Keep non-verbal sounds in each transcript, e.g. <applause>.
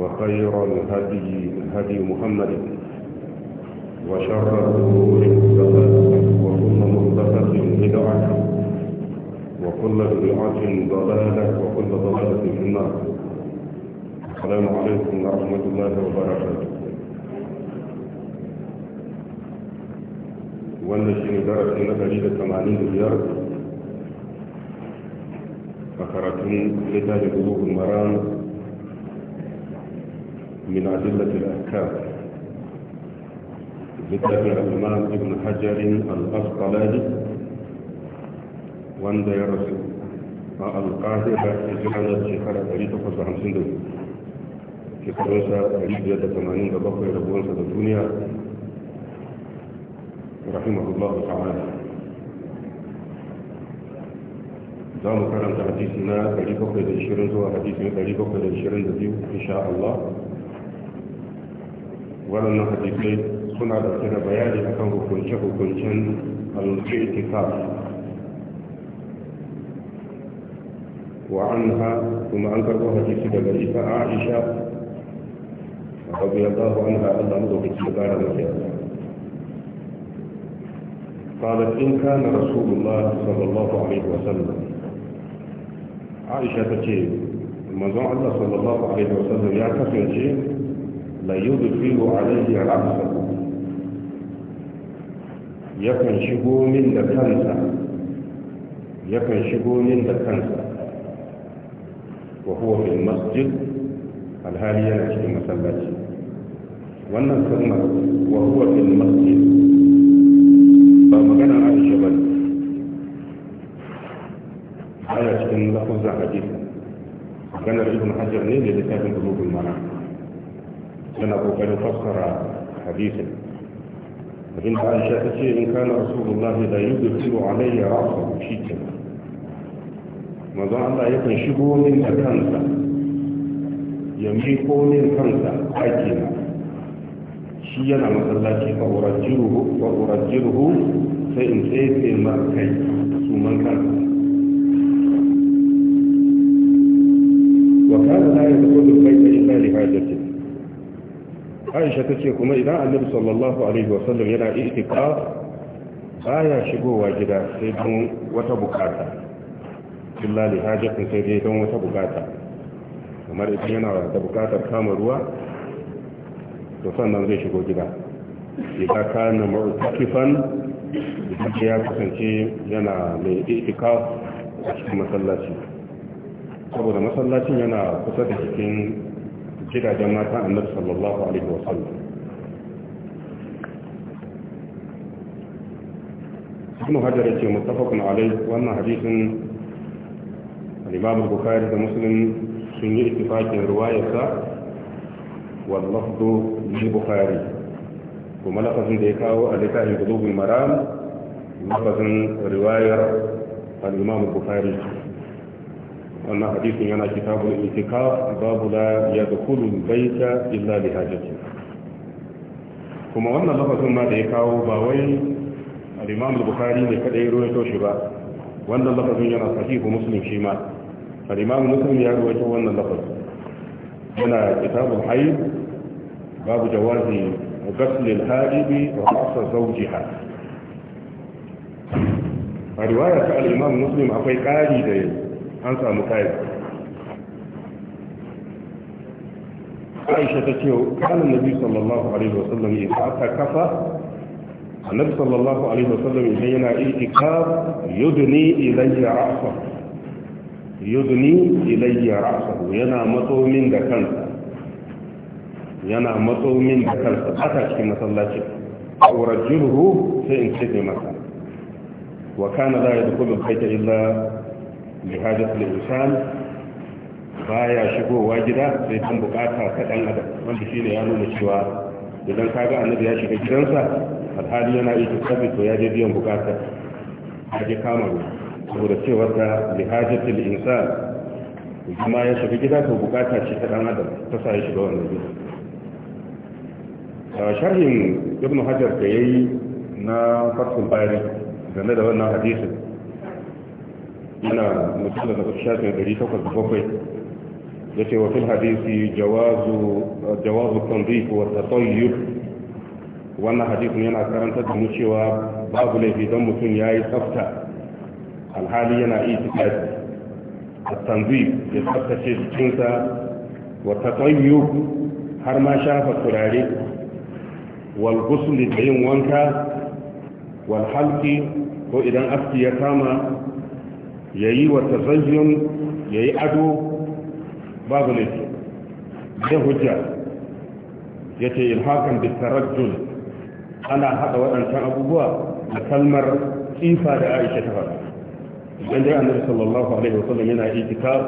وخير الهدي هدي محمد وشر الأمور وكل محدثة بدعة وكل بدعة ضلالة وكل ضلالة في النار السلام عليكم ورحمة الله وبركاته wannan shi ne darasi na 185 a karatun littafin gugugun من أدلة الأحكام لتابع الإمام ابن حجر واندى يا رسول القاهرة إجرانا شكرا أريد قصة خمسين في فرنسا أريد يد ثمانين دبقوا يربون سد الدنيا رحمه الله تعالى أريد mu karanta hadisi na أريد zuwa hadisi na إن شاء الله waɗannan hadisai suna dauke da bayani akan hukunce-hukuncen al-i'tikaf wa anha kuma an karɓo hadisi daga ita Aisha ba anha Allah madaukaki ya kara mata yarda قالت إن كان رسول الله صلى الله عليه وسلم عائشة تجيب منظر الله صلى الله عليه وسلم يعتقد شيء la yudkhilu alayhi ra'sahu yakan shigo min da kansa yakan shigo min da kansa wa huwa masjid cikin masallaci wannan kalmar wa huwa fil masjid ba magana Aisha ba ana cikin lafazin hadisi maganar ibn hajar ne da kafin bulugul mana tana kokarin fassara hadisin abin da aisha ta ce in kana rasulullah da yi gudu alayya rasa shi ke maza allah yakan shigo min da kansa ya miko min kansa ake na shi yana masallaci a urajirhu sai in tsefe markai su man kansa وكان لا يدخل البيت aisha ta ce kuma idan annabi sallallahu alaihi wasallam yana itikaf baya shigowa gida sai don wata bukata illa li hajatin sai dai don wata bukata kamar idan yana da bukatar kama ruwa to sannan zai shigo gida idan kana mu'takifan idan ya kasance yana mai itikaf a cikin masallaci saboda masallacin yana kusa da cikin gidajen mata صلى الله عليه وسلم ابن هجر متفق عليه وأن حديث الإمام البخاري ومسلم سنة اتفاق رواية واللفظ للبخاري وما لفظ ديكاو اللي قلوب المرام لفظ رواية الإمام البخاري wannan hadisin yana kitabul itikaf babu la yadkhulu baita illa li hajati kuma wannan lafazin ma da ya kawo ba wai al-Imam al-Bukhari ne kada ya rawaito shi ba wannan lafazin yana sahihu Muslim shi ma al-Imam Muslim ya rawaito wannan lafazin yana kitabul hayd babu jawazi ghusl al-haidi wa ra's zawjiha a riwaya ta al-Imam Muslim akwai kari da yake an samu kayan aisha ta ce kanan nabi sallallahu alaihi wasallam ya aka kafa annabi sallallahu alaihi wasallam idan yana itikaf yudni ilayya ra'sa yudni ilayya ra'sa yana matsomin da kansa yana matsomin da kansa cikin masallaci aurajjuhu sai in ce masa wa kana la yadkhulu al illa bihajat al-insan baya shigowa gida sai dan bukata ta dan adam wanda shine ya nuna cewa idan kaga annabi ya shiga gidansa alhali yana yi tafi to ya je biyan bukata ya kama ruwa saboda cewa ta bihajat al-insan kuma ya shiga gida to bukata ce ta dan adam ta sa ya shiga wannan gida sharhin ibn hajar da yayi na fatul bari game da wannan hadisin yana mutum da shafin 807 ya ce wa fil hadisi jawazu tanzif wa tsoyi wannan hadisun yana karanta da mu cewa babu laifi don mutum ya yi tsafta alhali yana iya tikafi a tanzif ya tsaftace cikinsa wa tsoyi har ma shafa turare wal da yin wanka wal halki ko idan aski ya kama ya yi wa tazayyun ya yi ado babu laifi da hujja ya ce ilhakan da tarajjul ana haɗa waɗancan abubuwa da kalmar tsifa da aisha ta faɗa idan dai annabi sallallahu alaihi sallam yana itikaf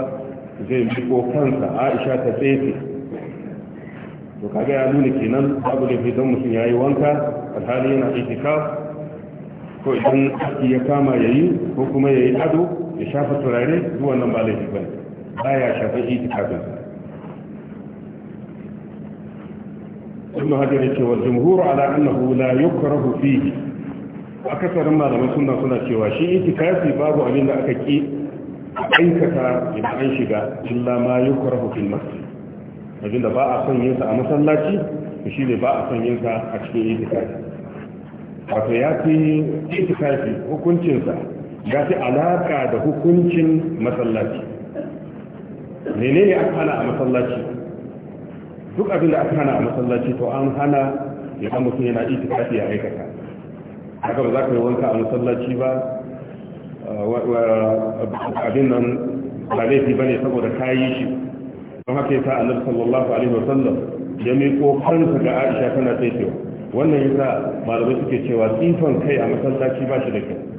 zai miko kansa aisha ta tsefe to kaga ya nuna kenan babu laifi idan mutum ya yi wanka alhali yana itikaf ko idan ya kama ya yi ko kuma ya yi ado ya shafa turare duk wannan ba laifi ba baya shafa itikafin ibn hajar yace wal jumhur ala annahu la yukrahu fihi akasarin malaman sunna suna cewa shi itikafi babu abin da aka ki aikata idan an shiga illa ma yukrahu fil masjid abinda ba a son yinsa a masallaci shi ne ba a son yinsa a cikin itikafi wato ya fi itikafi hukuncinsa ga shi alaka da hukuncin masallaci menene aka hana a masallaci duk abin da aka hana a masallaci to an hana ya kan mutum yana iti kafi ya aikata haka ba za ka yi wanka a masallaci ba abin nan ba laifi ba ne saboda ka yi shi don haka yasa annabi sallallahu alaihi wasallam ya miko kansa ga Aisha tana tsaye wannan yasa malamai suke cewa tsifan kai a masallaci ba shi da kyau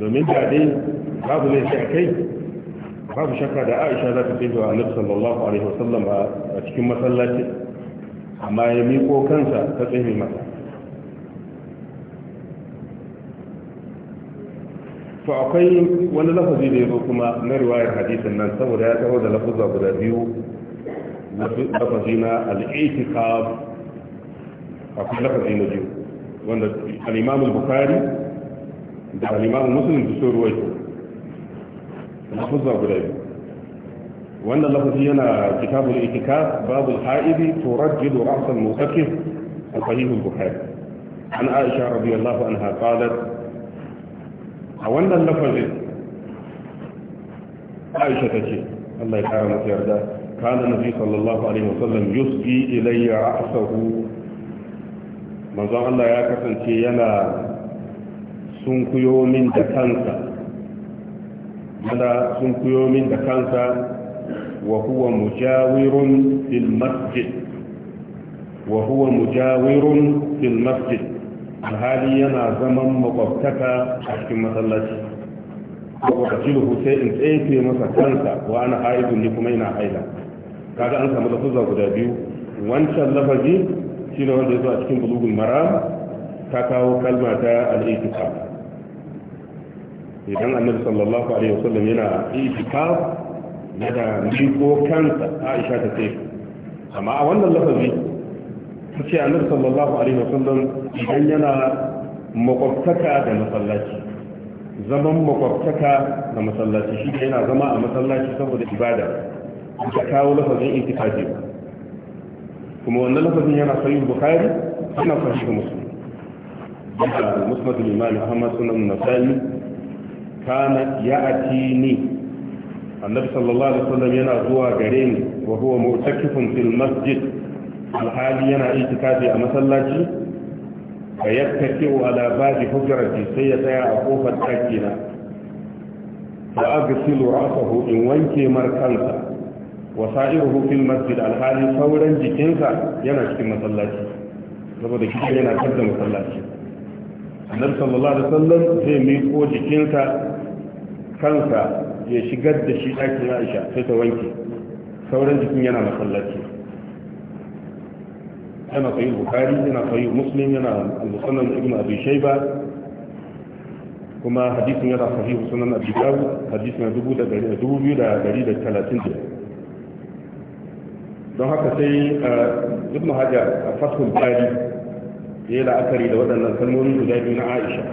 domin da babu ne shi a kai babu shakka da aisha za ta sai da annabi sallallahu alaihi wasallam a cikin masallaci amma ya miko kansa ta tsaye masa to akwai wani lafazi da ya zo kuma na riwayar hadisin nan saboda ya tsaro da lafaza guda biyu lafazi na al'itikaf akwai lafazi na biyu wanda al-imam bukhari ده الإمام المسلم في سور وجهه لفظ ضرب وأن اللفظ هنا كتاب الاعتكاف باب الحائض ترجل رأس المثقف الصحيح البخاري عن عائشة رضي الله عنها قالت او ان اللفظ عائشة تجي الله يكرمك يا كان النبي صلى الله عليه وسلم يسقي إلي رأسه من ظهر الله يا كسن يلا sun kuyo min da kansa mada sun kuyo min da kansa wa huwa mujawirun fil masjid wa huwa mujawirun fil masjid alhali yana zaman makwabtaka a cikin masallaci makwabtacilu sai in tsefe masa kansa wa ana haidu ni kuma ina haila kaga an samu lafuzza guda biyu wancan lafazi shi ne wanda ya zo a cikin bulugul maram ta kawo kalma ta al'itika idan annabi sallallahu alaihi wasallam yana itikaf yana miko kansa aisha ta ce amma a wannan lafazi ta ce annabi sallallahu alaihi wasallam idan yana makwabtaka da masallaci zaman makwabtaka da masallaci shi yana zama a masallaci saboda ibada ta kawo lafazin itikafi kuma wannan lafazin yana sahih bukhari yana sahih muslim da musnad al-imam ahmad sunan nasa'i kana ni. annabi sallallahu alaihi wasallam yana zuwa gare ni wa huwa mu'takifun fil masjid alhali yana itikafi a masallaci fa yattaki'u ala babi hujrati sai ya tsaya a kofar dakina fa aghsilu ra'sahu in wanke markansa wa sa'iruhu fil masjid alhali sauran jikinsa yana cikin masallaci saboda kishi yana da masallaci annabi sallallahu alaihi wasallam zai miƙo jikinsa kansa ya shigar da shi ɗakin aisha sai ta wanke sauran jikin yana masallaci yana sayi bukari yana sayi muslim yana musamman ibn abi shaiba kuma hadisin yana sahihu sunan abi dawud hadisin na dubu biyu da dari da talatin da don haka sai eh, ibn hajar a fasul bari ya yi la'akari da waɗannan kalmomi guda biyu na aisha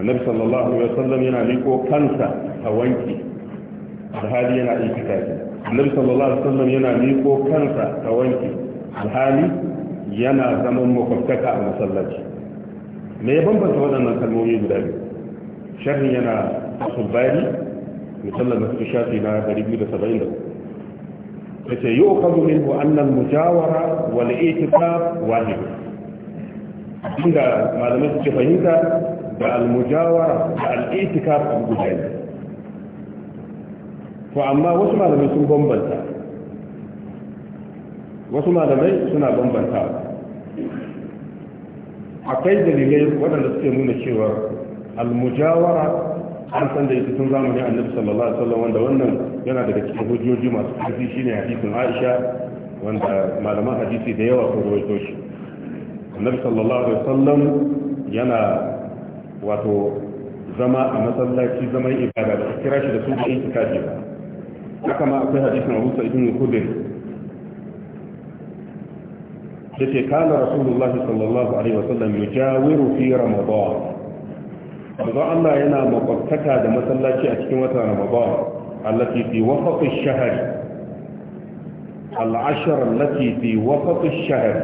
annabi sallallahu alaihi wasallam yana riko kansa a wanki alhali yana itikafi annabi sallallahu alaihi wasallam yana riko kansa a wanki alhali yana zaman makwabtaka a masallaci me ya bambanta waɗannan kalmomi guda biyu sharhin yana asubari musallar da suka shafi na 273 Ya ce yi okazu minhu annan mujawara wal itikaf wahid inda malamai suke fahimta da almujawara da al'itikaf a guda ne to amma wasu malamai sun bambanta wasu malamai suna bambanta akwai dalilai waɗanda suke nuna cewa almujawara an san da ita tun zamanin annabi sallallahu alaihi wasallam wanda wannan yana daga cikin hujjoji masu ƙarfi shine hadisin Aisha wanda malaman hadisi da yawa sun rawaito shi annabi sallallahu alaihi wasallam yana wato zama a masallaci zaman ibada da kira shi da su da itikafi ba haka ma akwai hadisin Abu Sa'id ibn Da ke kana Rasulullahi sallallahu alaihi wasallam yujawiru fi Ramadan Ramadan Allah yana makwabtaka da masallaci a cikin wata Ramadan allati fi waqti ash-shahr al-ashr allati fi waqti ash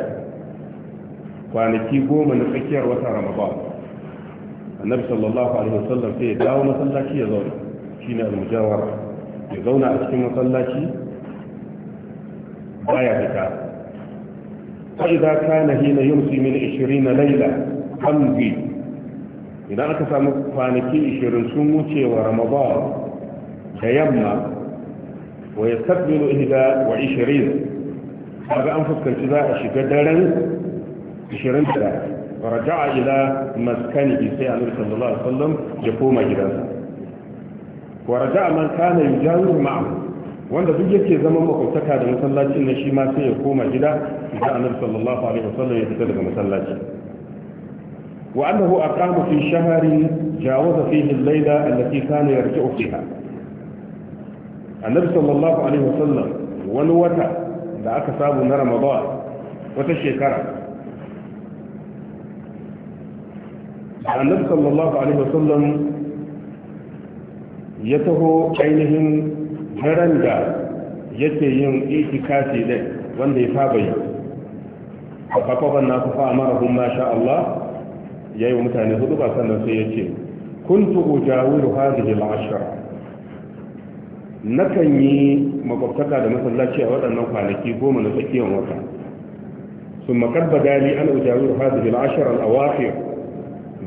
kwanaki goma na tsakiyar wata Ramadan annabi sallallahu alaihi wasallam sai ya dawo masallaci ya zauna Shi ne almujawar ya zauna a cikin masallaci baya fita fa idza kana hina yumsi min 20 layla hamdi idan aka samu kwanaki 20 sun wuce wa ramadan da yamma wa yastaqbilu ihda wa 20 kaga an fuskanci za a shiga daren 21 raja'a ila maskani sai annabi sallallahu alaihi wasallam ya koma gidansa wa raja'a man kana yi yujawiru ma'ahu wanda duk yake zama makwabtaka da masallacin nan shi ma sai ya koma gida idan annabi sallallahu alaihi wasallam ya fita daga masallaci wa annahu aqama fi shahri jawaza fihi al-layla allati kana yarji'u fiha annabi sallallahu alaihi wasallam wani wata da aka samu na ramadan wata shekara annabi sallallahu alaihi wasallam ya taho ainihin daren da yake yin itikafi din wanda ya saba yi fafafaban na kufa a marahun masha Allah ya yi wa mutane hudu ba sannan sai ya ce kun tuku jawiru da al'ashar nakan yi makwabtaka da masallaci a waɗannan kwanaki goma na tsakiyar wata sun makar badali an da hadihi a al'awafir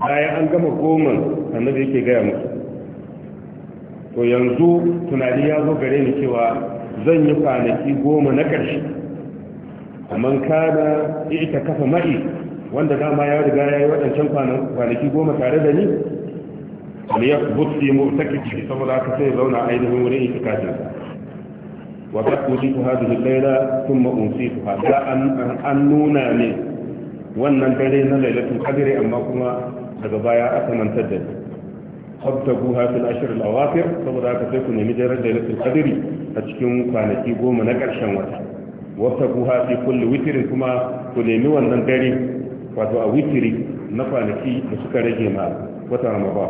bayan an gama goman annabi yake gaya musu to yanzu tunani ya zo gare ni cewa zan yi kwanaki goma na ƙarshe amma kada ita kafa ma'i wanda dama ya riga ya yi waɗancan kwanaki goma tare da ni wani ya butsi mu ta kici saboda aka sai zauna ainihin wurin itikafin wa ta ji ku hadu da laila sun ma'unsi ku hadu an nuna ne wannan dare na lailatun kadiri amma kuma daga baya aka mantar da ni habtagu hafil ashir al-awakhir saboda haka sai ku nemi da lailatul kadiri a cikin kwanaki goma na karshen wata wabtagu hafi kulli witirin kuma ku nemi wannan dare wato a witiri na kwanaki da suka rage ma wata ramadan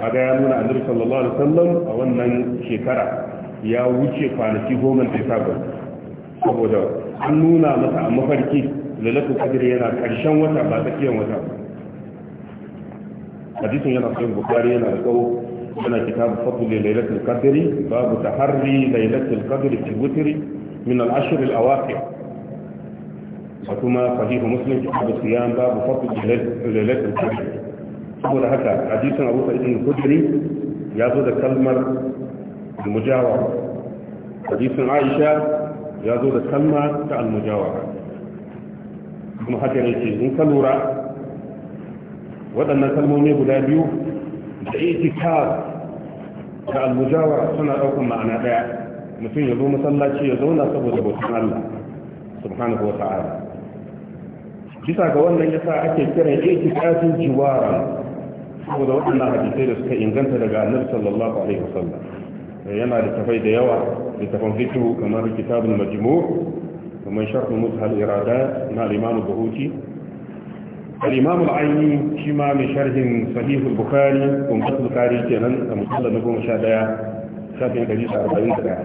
kaga ya nuna annabi sallallahu alaihi wasallam a wannan shekara ya wuce kwanaki goma da sabar saboda an nuna masa a mafarki lailatul kadiri yana karshen wata ba tsakiyar wata ba حديث في البخاري أنا أنا كتاب فضل ليلة القدر باب تحري ليلة القدر في الوتر من العشر الأواخر وكما صحيح مسلم كتاب الصيام باب فضل ليلة القدر سبب هكا حديث أبو سعيد الخدري يزود كلمر المجاورة حديث عائشة يزود كلمر المجاورة ثم حكى ليتي إن كلورا waɗannan kalmomi guda biyu da itikar da almujawara suna ɗaukar ma'ana ɗaya mutum ya zo masallaci ya zauna saboda bautan Allah subhanahu wa ta'ala bisa ga wannan yasa ake kira itikafin jiwara saboda waɗannan hadisai da suka inganta daga annabi sallallahu alaihi wasallam yana da tafai da yawa da tafan fitu kamar kitabul majmu' kamar sharh mushal irada na al-imam buhuti الإمام العيني شما شرح صحيح البخاري ومسط البخاري كنان مصلى نبو مشادايا شافي نجيس أربعين تلاح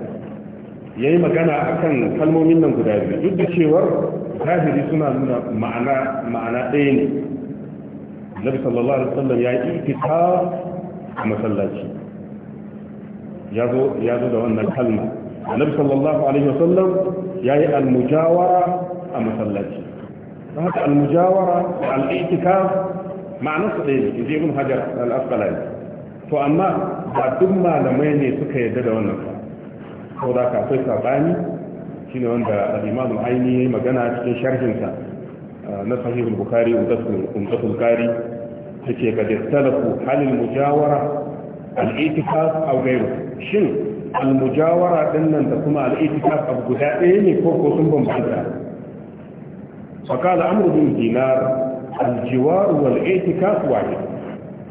يأي مكان أكن كلمو منا مكتابي جد شوار هذه سنة معنى معنى دين النبي صلى الله عليه وسلم يأي اكتاب مسلاتي يازو يازو دو أن الكلمة النبي صلى الله عليه وسلم يأي المجاورة مسلاتي don haka almujawara da al'itika ma'anar su ɗaya ne ibn hajar al to amma ba duk malamai ne suka yarda da wannan ko da ka akwai sabani shine wanda alimamin imam magana cikin sharhin sa na sahih al-bukhari umdatul qari take ga dastalafu halil mujawara al-i'tikaf aw shin almujawara ɗinnan da kuma al abu guda ɗaya ne ko ko sun bambanta فقال عمرو بن دينار الجوار والاعتكاف واحد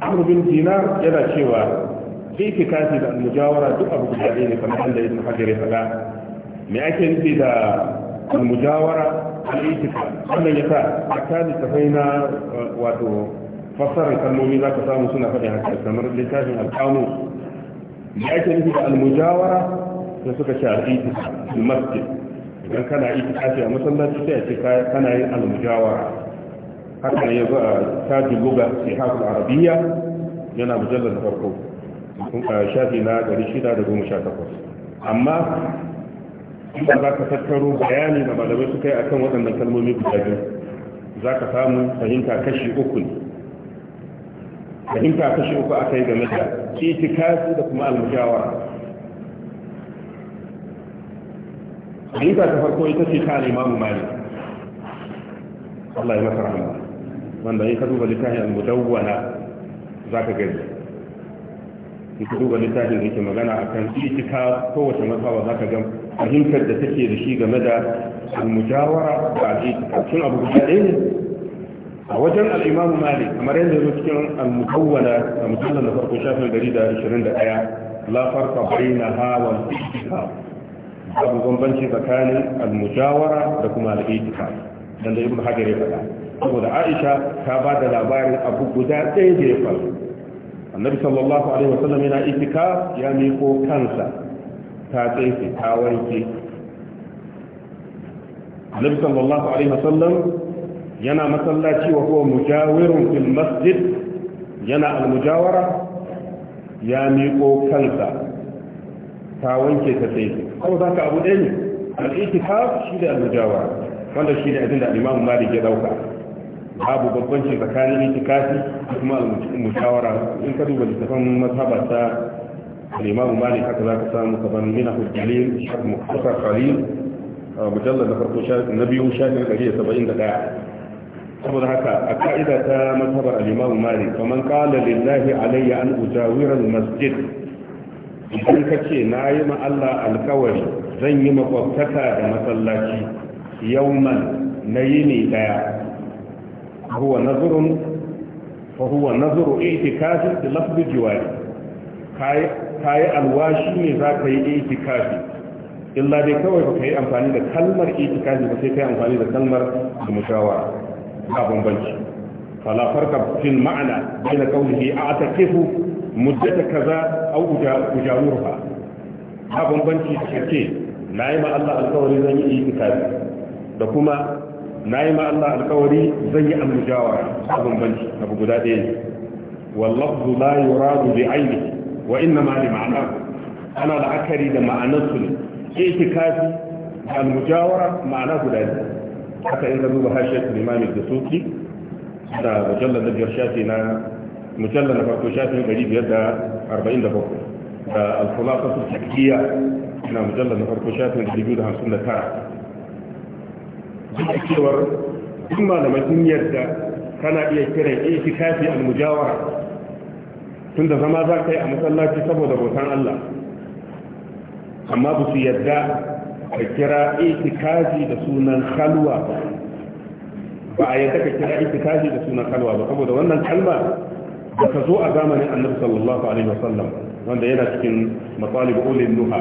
عمرو بن دينار يلا شيوا اعتكافي mujawara duk abu guda ne kamar Allah ibn Hajar ya faɗa me ake nufi da al-mujawara al-i'tikaf wannan yasa akali tafaina wato fasara kalmomi za ka samu suna faɗin haka littafin al-qamu ake nufi da al-mujawara da al idan kana yi kafi a masallaci sai a ce kana yin almujawa. haka ne yanzu a tajin luga sai hafi arabiya yana mujallar da farko shafi na gari shida da goma sha takwas amma inda za ka tattaro bayani da malamai suka yi a kan waɗannan kalmomi guda biyu za ka samu fahimta kashi uku ne fahimta kashi uku aka yi game da itikafi da kuma almujawa? halitta ta farko ita ce ta alimamu mali Allah ya masa rahama wanda in ka duba littafin al-mudawwana za ka gani in ka duba littafin da ke magana a kan itika kowace masawa za ka ga fahimtar da take da shi game da al-mujawara da al-itika shin abu guda ɗaya ne a wajen al-imamu mali kamar yadda zo cikin al-mudawwana a mujallar na farko shafin da da 121 la farqa bainaha wal itika babu bambanci tsakanin almujawara da kuma al'itika dan da ibnu hajar ya faɗa saboda aisha ta ba da labarin abu guda ɗaya da ya faru annabi sallallahu alaihi wasallam yana itika ya miko kansa ta tsefe ta wanke annabi sallallahu alaihi wasallam yana masallaci wa huwa mujawirun fil masjid yana almujawara ya miko kansa ta wanke ta tsefe kawai za ka abu ɗaya ne al'itikaf shi da almujawa wanda shi da abin da alimamu malik ya dauka babu babbanci tsakanin itikafi da kuma almujawara in ka duba littafin mazhaba ta alimamu malik haka za ka samu kamar mina hujjalil shafi muktasar khalil mujallar na farko na biyu shafin ɗari da saba'in da ɗaya saboda haka a ka'ida ta mazhabar alimamu malik kamar kala lillahi alayya an ujawira masjid idan ka ce na yi ma Allah alkawari zan yi makwabtaka da masallaci man na ne daya huwa nazurun fa huwa nazuru kafin da lafi jiwari ka yi alwashi ne za ka yi kafin illa dai kawai ba ka yi amfani da kalmar kafin ba sai ka yi amfani da kalmar da mutawa ba bambanci فلا فرق في المعنى بين قوله أعتكف مدة كذا أو أجاورها هذا بنتي تحكي نايم الله القوري زي إيكتاب دكما نايم الله القوري زي المجاورة هذا بنتي أبو قدادين واللفظ لا يراد بعينه وإنما لمعناه أنا العكري لما أنصل إيكتاب المجاورة معناه ذلك حتى إن ذنوب هاشية الإمام الدسوقي da mujallar na biyar shafi na mujallar na farko shafin ɗari biyar da arba'in da bakwai da alfulafa su tafiya na mujallar na farko shafin ɗari biyu da hamsin da tara duk da cewar duk malamai sun yarda kana iya kiran itikafi al-mujawara tunda zama za ka yi a masallaci saboda bautan Allah amma ba su yarda ka kira itikafi da sunan halwa ba ba a yadda ka kira iftitahi da sunan kalwa ba saboda wannan kalma da ta zo a zamanin annabi sallallahu alaihi wasallam wanda yana cikin matsalib ulil nuha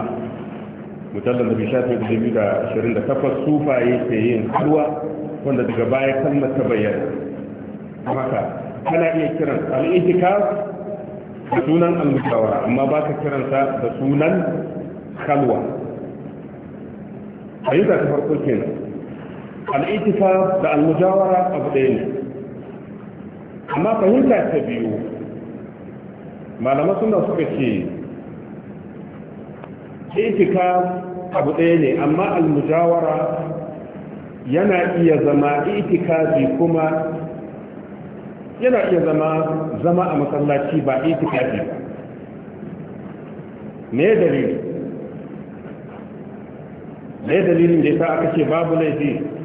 mujallar da bi shafi da dubu da ashirin da takwas sufaye ke yin kalwa wanda daga baya kalmar ta bayyana haka kana iya kiran al-ihtikaf da sunan al-mushawara amma ba ka kiransa da sunan kalwa ayyuka ta farko kenan al'itifa da almujawara abu ɗaya ne amma fahimta ta biyu malaman suna suka ce itika abu ɗaya ne amma almujawara yana iya zama itikafi kuma yana iya zama zama a masallaci ba itikafi ba ne dalili ne dalilin da ya sa aka ce babu laifi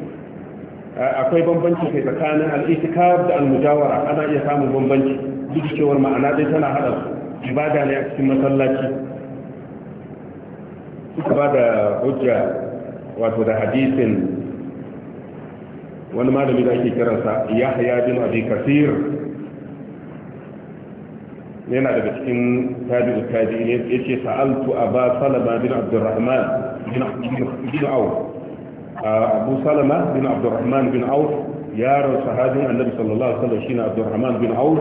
akwai bambanci kai tsakanin al'itikaf da al-mujawara ana iya samun bambanci duk cewar ma'ana dai tana hada su ibada ne a cikin masallaci suka ba da hujja wato da hadisin wani malami da ake kiransa yahya bin abi kasir yana daga cikin tabi'u ne yace sa'altu aba salama bin abdurrahman bin bin abu salama bin abdurrahman bin auf yaron sahabin annabi sallallahu alaihi wasallam shine abdurrahman bin auf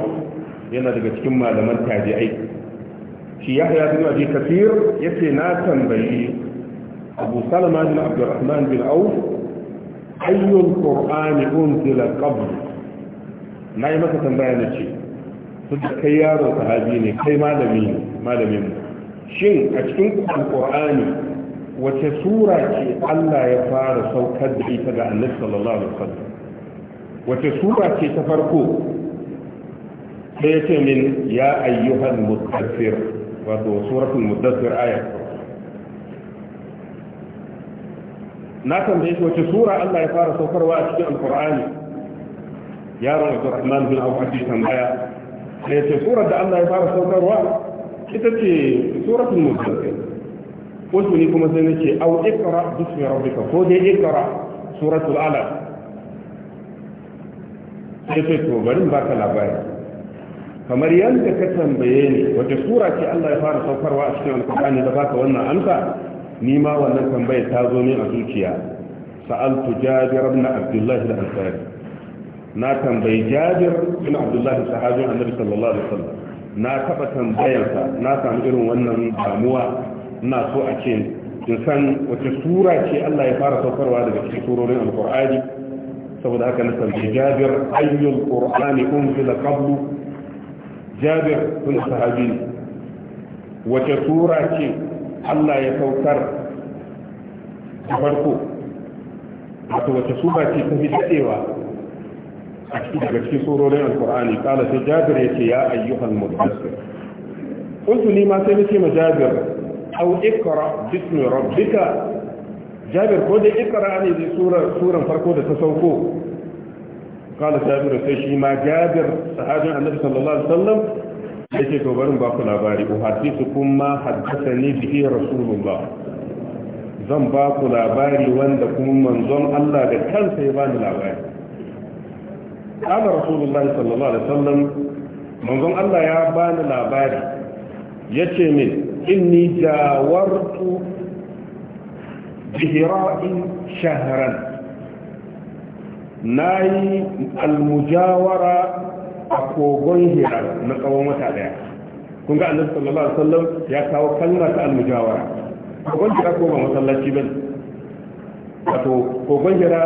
yana daga cikin malaman tabi'ai shi yahya bin abi kafir yace na tambayi abu salama bin abdurrahman bin auf ayyul qur'ani unzila qabl nayi masa tambaya ne ce tunda kai yaron sahabi ne kai malami ne malamin shin a cikin alqur'ani wace sura ce Allah ya fara saukar da ita ga annabi sallallahu alaihi wasallam wace sura ce ta farko sai ce min ya ayyuhal mudaththir wato suratul mudaththir aya na tambaye shi wace sura Allah ya fara saukarwa a cikin alqur'ani yaron Abdurrahman bin Auf hadisi tambaya sai ce surar da Allah ya fara saukarwa ita ce suratul mudaththir kuntu ni kuma sai nace au ikra bismi rabbika ko dai ikra suratul alaq sai sai to bari ba ka labari kamar yadda ka tambaye ni wace sura ce Allah ya fara saukarwa a cikin alkur'ani da baka wannan amsa ni ma wannan tambayar ta zo min a zuciya sa'altu jabir ibn abdullahi da ansari na tambayi jabir ibn abdullah sahabin annabi sallallahu alaihi wasallam na taba tambayarsa na samu irin wannan damuwa na so a ce in san wace sura ce Allah ya fara saukarwa daga cikin surorin alqur'ani saboda haka na tambaye Jabir ayyul qur'ani unzila qablu Jabir kun sahabi wace sura ce Allah ya saukar a farko wato wace sura ce ta fi dadewa daga cikin surorin alkur'ani kala sai jabir ya ce ya ayyukan mudassir kuntu ni ma sai nace ma jabir au ikra bismi rabbika jabir ko da ikra ne da surar suran farko da ta sauko قال جابر sai shi ma jabir sahabin annabi sallallahu alaihi wasallam yake to barin labari ku kuma haddathani bihi zan ba ku labari wanda kuma manzon Allah da kansa ya bani labari qala rasulullah sallallahu alaihi wasallam manzon Allah ya bani labari yace min inni jawartu bihira'in shahran na yi almujawara a kogon hira na tsawon wata daya kun ga annabi sallallahu alaihi wasallam ya kawo kalmar ta almujawara kogon hira ko ba masallaci ba wato kogon hira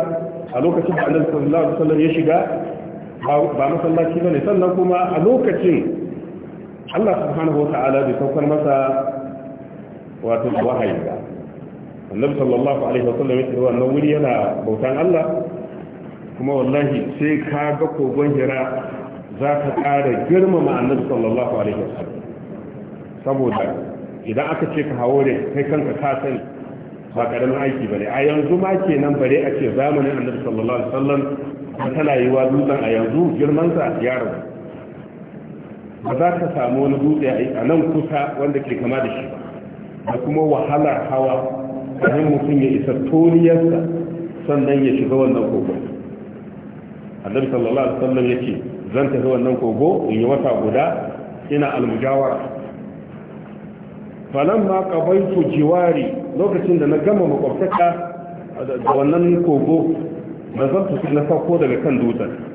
a lokacin da annabi sallallahu alaihi wasallam ya shiga ba masallaci bane sannan kuma a lokacin Allah subhanahu wa ta'ala bai saukar masa wato wahayi ba annabi sallallahu alaihi wa wasallam ya ce wannan wuri yana bautan Allah kuma wallahi sai ka ga kogon hira za ka ƙara girmama annabi sallallahu alaihi wa wasallam saboda idan aka ce ka hawo da kai kanka ka sani ba karamin aiki bane a yanzu ma kenan bare a ce zamanin annabi sallallahu alaihi wasallam tana yi wa dutsen a yanzu girmansa ya rabu ba za ka samu wani dutse a nan kusa wanda ke kama da shi ba da kuma wahalar hawa kafin mutum ya isa toliyarsa sannan ya shiga wannan kogo annabi sallallahu alaihi wasallam yace zan tafi wannan kogo in yi wata guda ina almujawara falamma ku jiwari lokacin da na gama makwabtaka da wannan kogo nazartu sai na sauko daga kan dutsen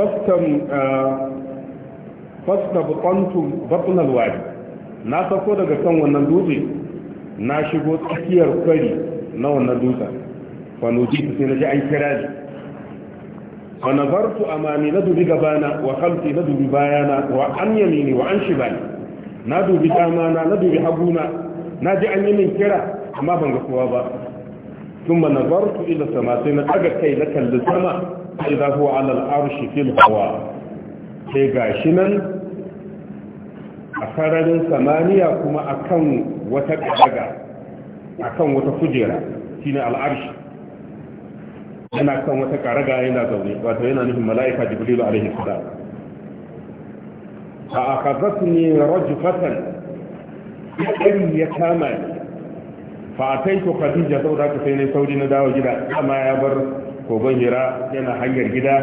fastan ah, fasta buƙantu baƙunar wari na sako daga kan wannan dutse na shigo tsakiyar kwari na wannan dutsen fanuji sai na ji an kira ne fa nazartu amami na dubi gabana wa khalfi na dubi bayana wa an yamini wa an shi bani. na dubi damana na dubi haguna na ji an yi min kira amma ban ga kowa ba Tun thumma nazartu ila sama sai na ɗaga kai na kalli sama فإذا هو على العرش في الهواء sai gashi nan a sararin samaniya kuma akan wata daga akan wata kujera shine al'arshi yana kan wata karaga yana zaune wato yana nufin mala'ika jibrilu alaihi salam fa akhadhatni rajfatan sai ya kama ni fa ataitu khadija saboda ka sai ne sauri na dawo gida amma ya bar kogon hira yana hanyar gida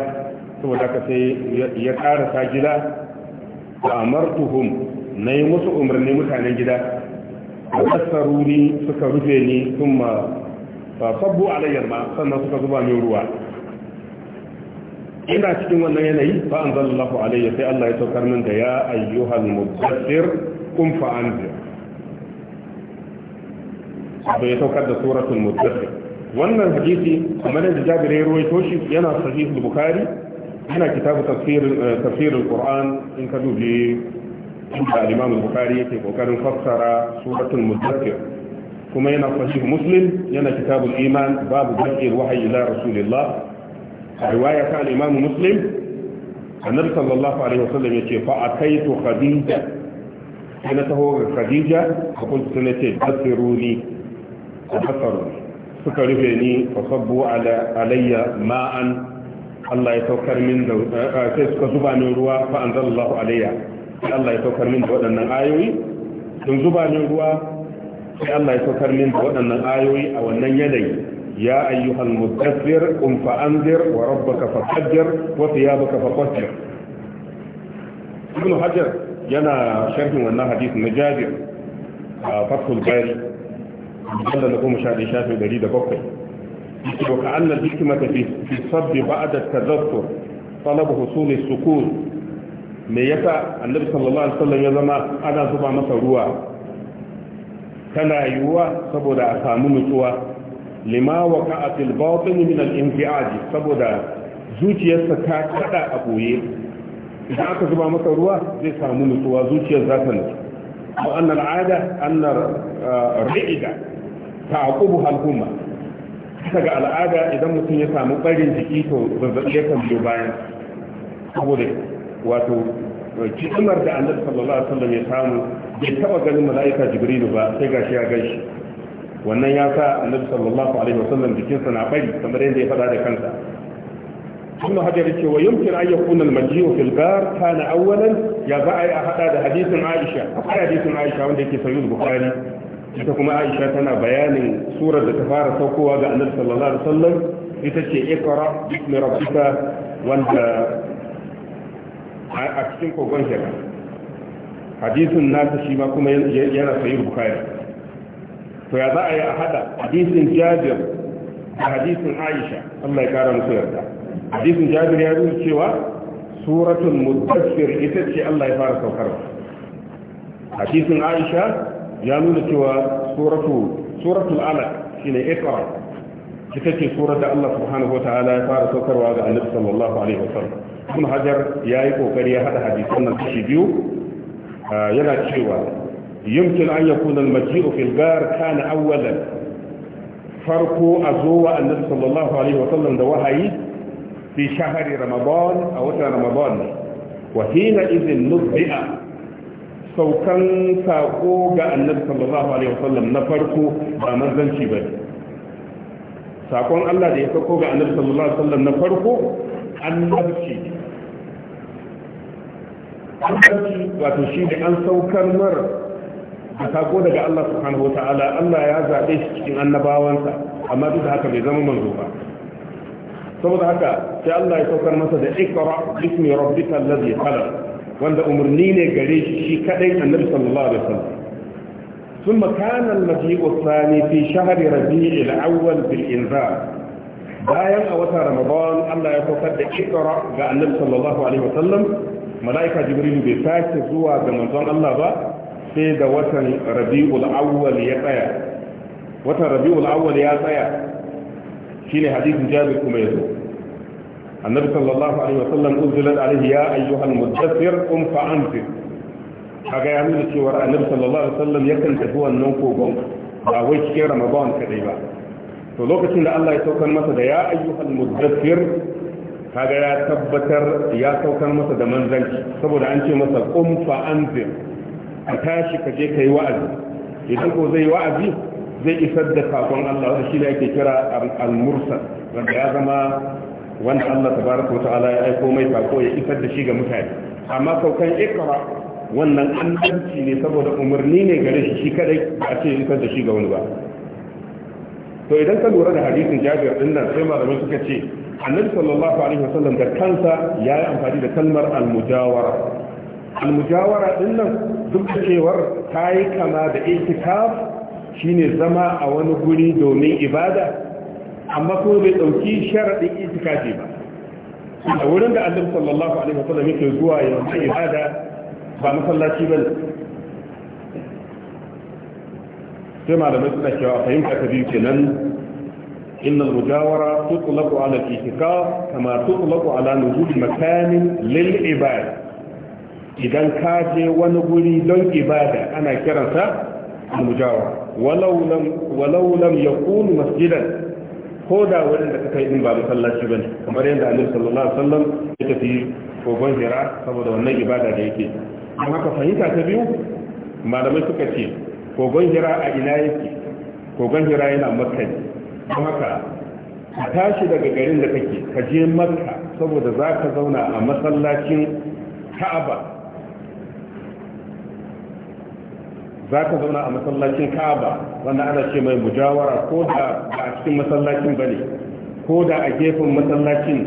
saboda ka sai ya karasa gida da amartuhum na yi musu umarni mutanen gida a tsaruni suka rufe ni sun ma sabbu alayyar ma sannan suka zuba min ruwa ina cikin wannan yanayi ba an zan lahu alayya sai Allah ya saukar min da ya ayyuhal mudassir kun fa anzir ya saukar da suratul mudassir wannan hadisi kamar da jabir ya ruwaito shi yana sahih bukhari yana kitabu tafsir eh, tafsir alquran in ka dubi da imam bukhari yake kokarin fassara suratul mudaththir kuma yana sahih muslim yana kitabul iman babu baqir wahyi ila rasulillah riwaya ta al-imam muslim annabi sallallahu alaihi wasallam yace fa akaitu khadija sai na taho ga khadija ka kuntu nace basiruni a basaruni suka rufe ni fa sabbu ala alayya ma'an Allah ya saukar min da sai suka zuba min ruwa fa anzalallahu alayya Allah ya saukar min da waɗannan ayoyi sun zuba min ruwa sai Allah ya saukar min da waɗannan ayoyi a wannan yanayi ya ayyuhal mudaffir qum fa anzir wa rabbaka fa faqaddir wa thiyabaka fa faqaddir ibn hajar yana sharhin wannan hadisi na jabir a fathul bari mujallar da goma sha ɗaya shafin ɗari da bakwai yake wa ka'an nan hikimata fi sabbi ba'da tazakkur talab husuli sukun me yasa annabi sallallahu alaihi wasallam ya zama ana zuba masa ruwa tana yiwuwa saboda a samu nutsuwa lima wa ka'atil batin min al-infi'aj saboda zuciyarsa ta kada a boye idan aka zuba masa ruwa zai samu nutsuwa zuciyar za ta nutsu wa annal ada annar ri'ida ta'aqubu al-umma haka ga al'ada idan mutum ya samu barin jiki to zazzabi ya kan biyo bayan saboda wato kimar da annabi sallallahu alaihi wasallam ya samu bai taba ganin mala'ika jibrilu ba sai gashi ya gaishe, wannan ya sa annabi sallallahu alaihi wasallam jikinsa na bari kamar yadda ya faɗa da kansa Kuma hajar ce wa yumkin an yakuna al-maji'u fil bar kana awwalan ya za a hada da hadisin aisha akwai hadisin aisha wanda yake sahih bukhari ita kuma aisha tana bayanin surar da ta fara saukowa ga annabi sallallahu alaihi wasallam ita ce ikra bismi rabbika wanda a cikin kogon hira hadisin nasa shi ma kuma yana sahih bukhari to ya za a yi a hada hadisin jabir da hadisin aisha Allah ya kara musu yarda hadisin jabir ya nuna cewa suratul muddathir ita ce Allah ya fara saukarwa hadisin aisha ya nuna cewa suratul alaq shine ikra ita ce surar da Allah subhanahu wa ta'ala ya fara saukarwa ga annabi sallallahu alaihi wasallam ibn hajar ya yi kokari ya hada hadisan nan kashi biyu ah, yana cewa yumkin an yakuna al-maji'u fil ghar kana awwalan farko a zo wa annabi sallallahu alaihi wasallam da wahayi fi shahri ramadan a wata ramadan wa hina idhin nubbi'a saukan sako ga annabi sallallahu alaihi wasallam na farko ba manzanci ba sakon Allah da ya sako ga annabi sallallahu alaihi wasallam na farko annabci annabci wato shi da an saukar mar a sako daga Allah subhanahu wa ta'ala Allah ya zaɓe shi cikin annabawansa amma duk da haka bai zama manzo ba saboda haka sai Allah ya saukar masa da ikra bismi rabbikal allazi khalaq wanda umarni ne gare shi shi kadai annabi sallallahu alaihi wasallam ثم كان المجيء الثاني في شهر ربيع الأول بالإنذار bayan a wata ramadan Allah ya saukar da ikra ga annabi sallallahu alaihi wasallam malaika jibril bai sake zuwa ga manzon Allah ba sai da watan rabiul awwal ya tsaya watan rabiul awwal ya tsaya shine hadisin jabir kuma yazo annabi sallallahu alaihi wasallam uzilat alaihi ya ayyuhal mudaththir qum fa anzir kaga ya nuna cewa annabi sallallahu alaihi wasallam yakan tafi wannan kogon ba wai cikin ramadan kadai ba to lokacin da Allah ya saukar masa da ya ayyuhal mudaththir kaga ya tabbatar ya saukar masa da manzanci saboda an ce masa qum fa anzir ka tashi ka je kai wa'azi idan ko zai wa'azi zai isar da sakon Allah wanda shi ne ake kira al-mursal wanda ya zama wanda Allah tabaraka wa ta'ala ya aiko mai sako ya isar da shi ga mutane amma saukan ikra wannan annabci ne saboda umarni ne gare shi shi kadai ba ce isar da shi ga wani ba to idan ka lura da hadisin Jabir din nan sai malamai suka ce Annabi sallallahu alaihi wasallam da kansa ya yi amfani da kalmar al-mujawara al-mujawara din nan duk da cewar ta yi kama da itikaf shine zama a wani guri domin ibada amma kuma bai dauki sharadin itikafi ba a wurin da annabi sallallahu alaihi wasallam yake zuwa ya wata ibada ba masallaci ba sai malamai suna cewa a fahimta ta biyu kenan inna al-mujawara al tutlaqu ala إن kama tutlaqu ala nuzul makan lil على idan ka je wani guri don ibada ana kiransa al-mujawara ولو lam ولو lam yakun masjidan ko da wurin da kai din ba masallaci ba ne kamar yadda annabi sallallahu alaihi wasallam ya tafi kogon jira saboda wannan ibada da yake don haka fahimta ta biyu malamai suka ce kogon jira a ina yake kogon jira yana makka ne don haka ka tashi daga garin da kake ka je makka saboda za ka zauna a masallacin ka'aba za ka zauna a masallacin ka'aba wanda ana ce mai mujawara ko da ba a cikin masallacin ba ne ko da a gefen masallacin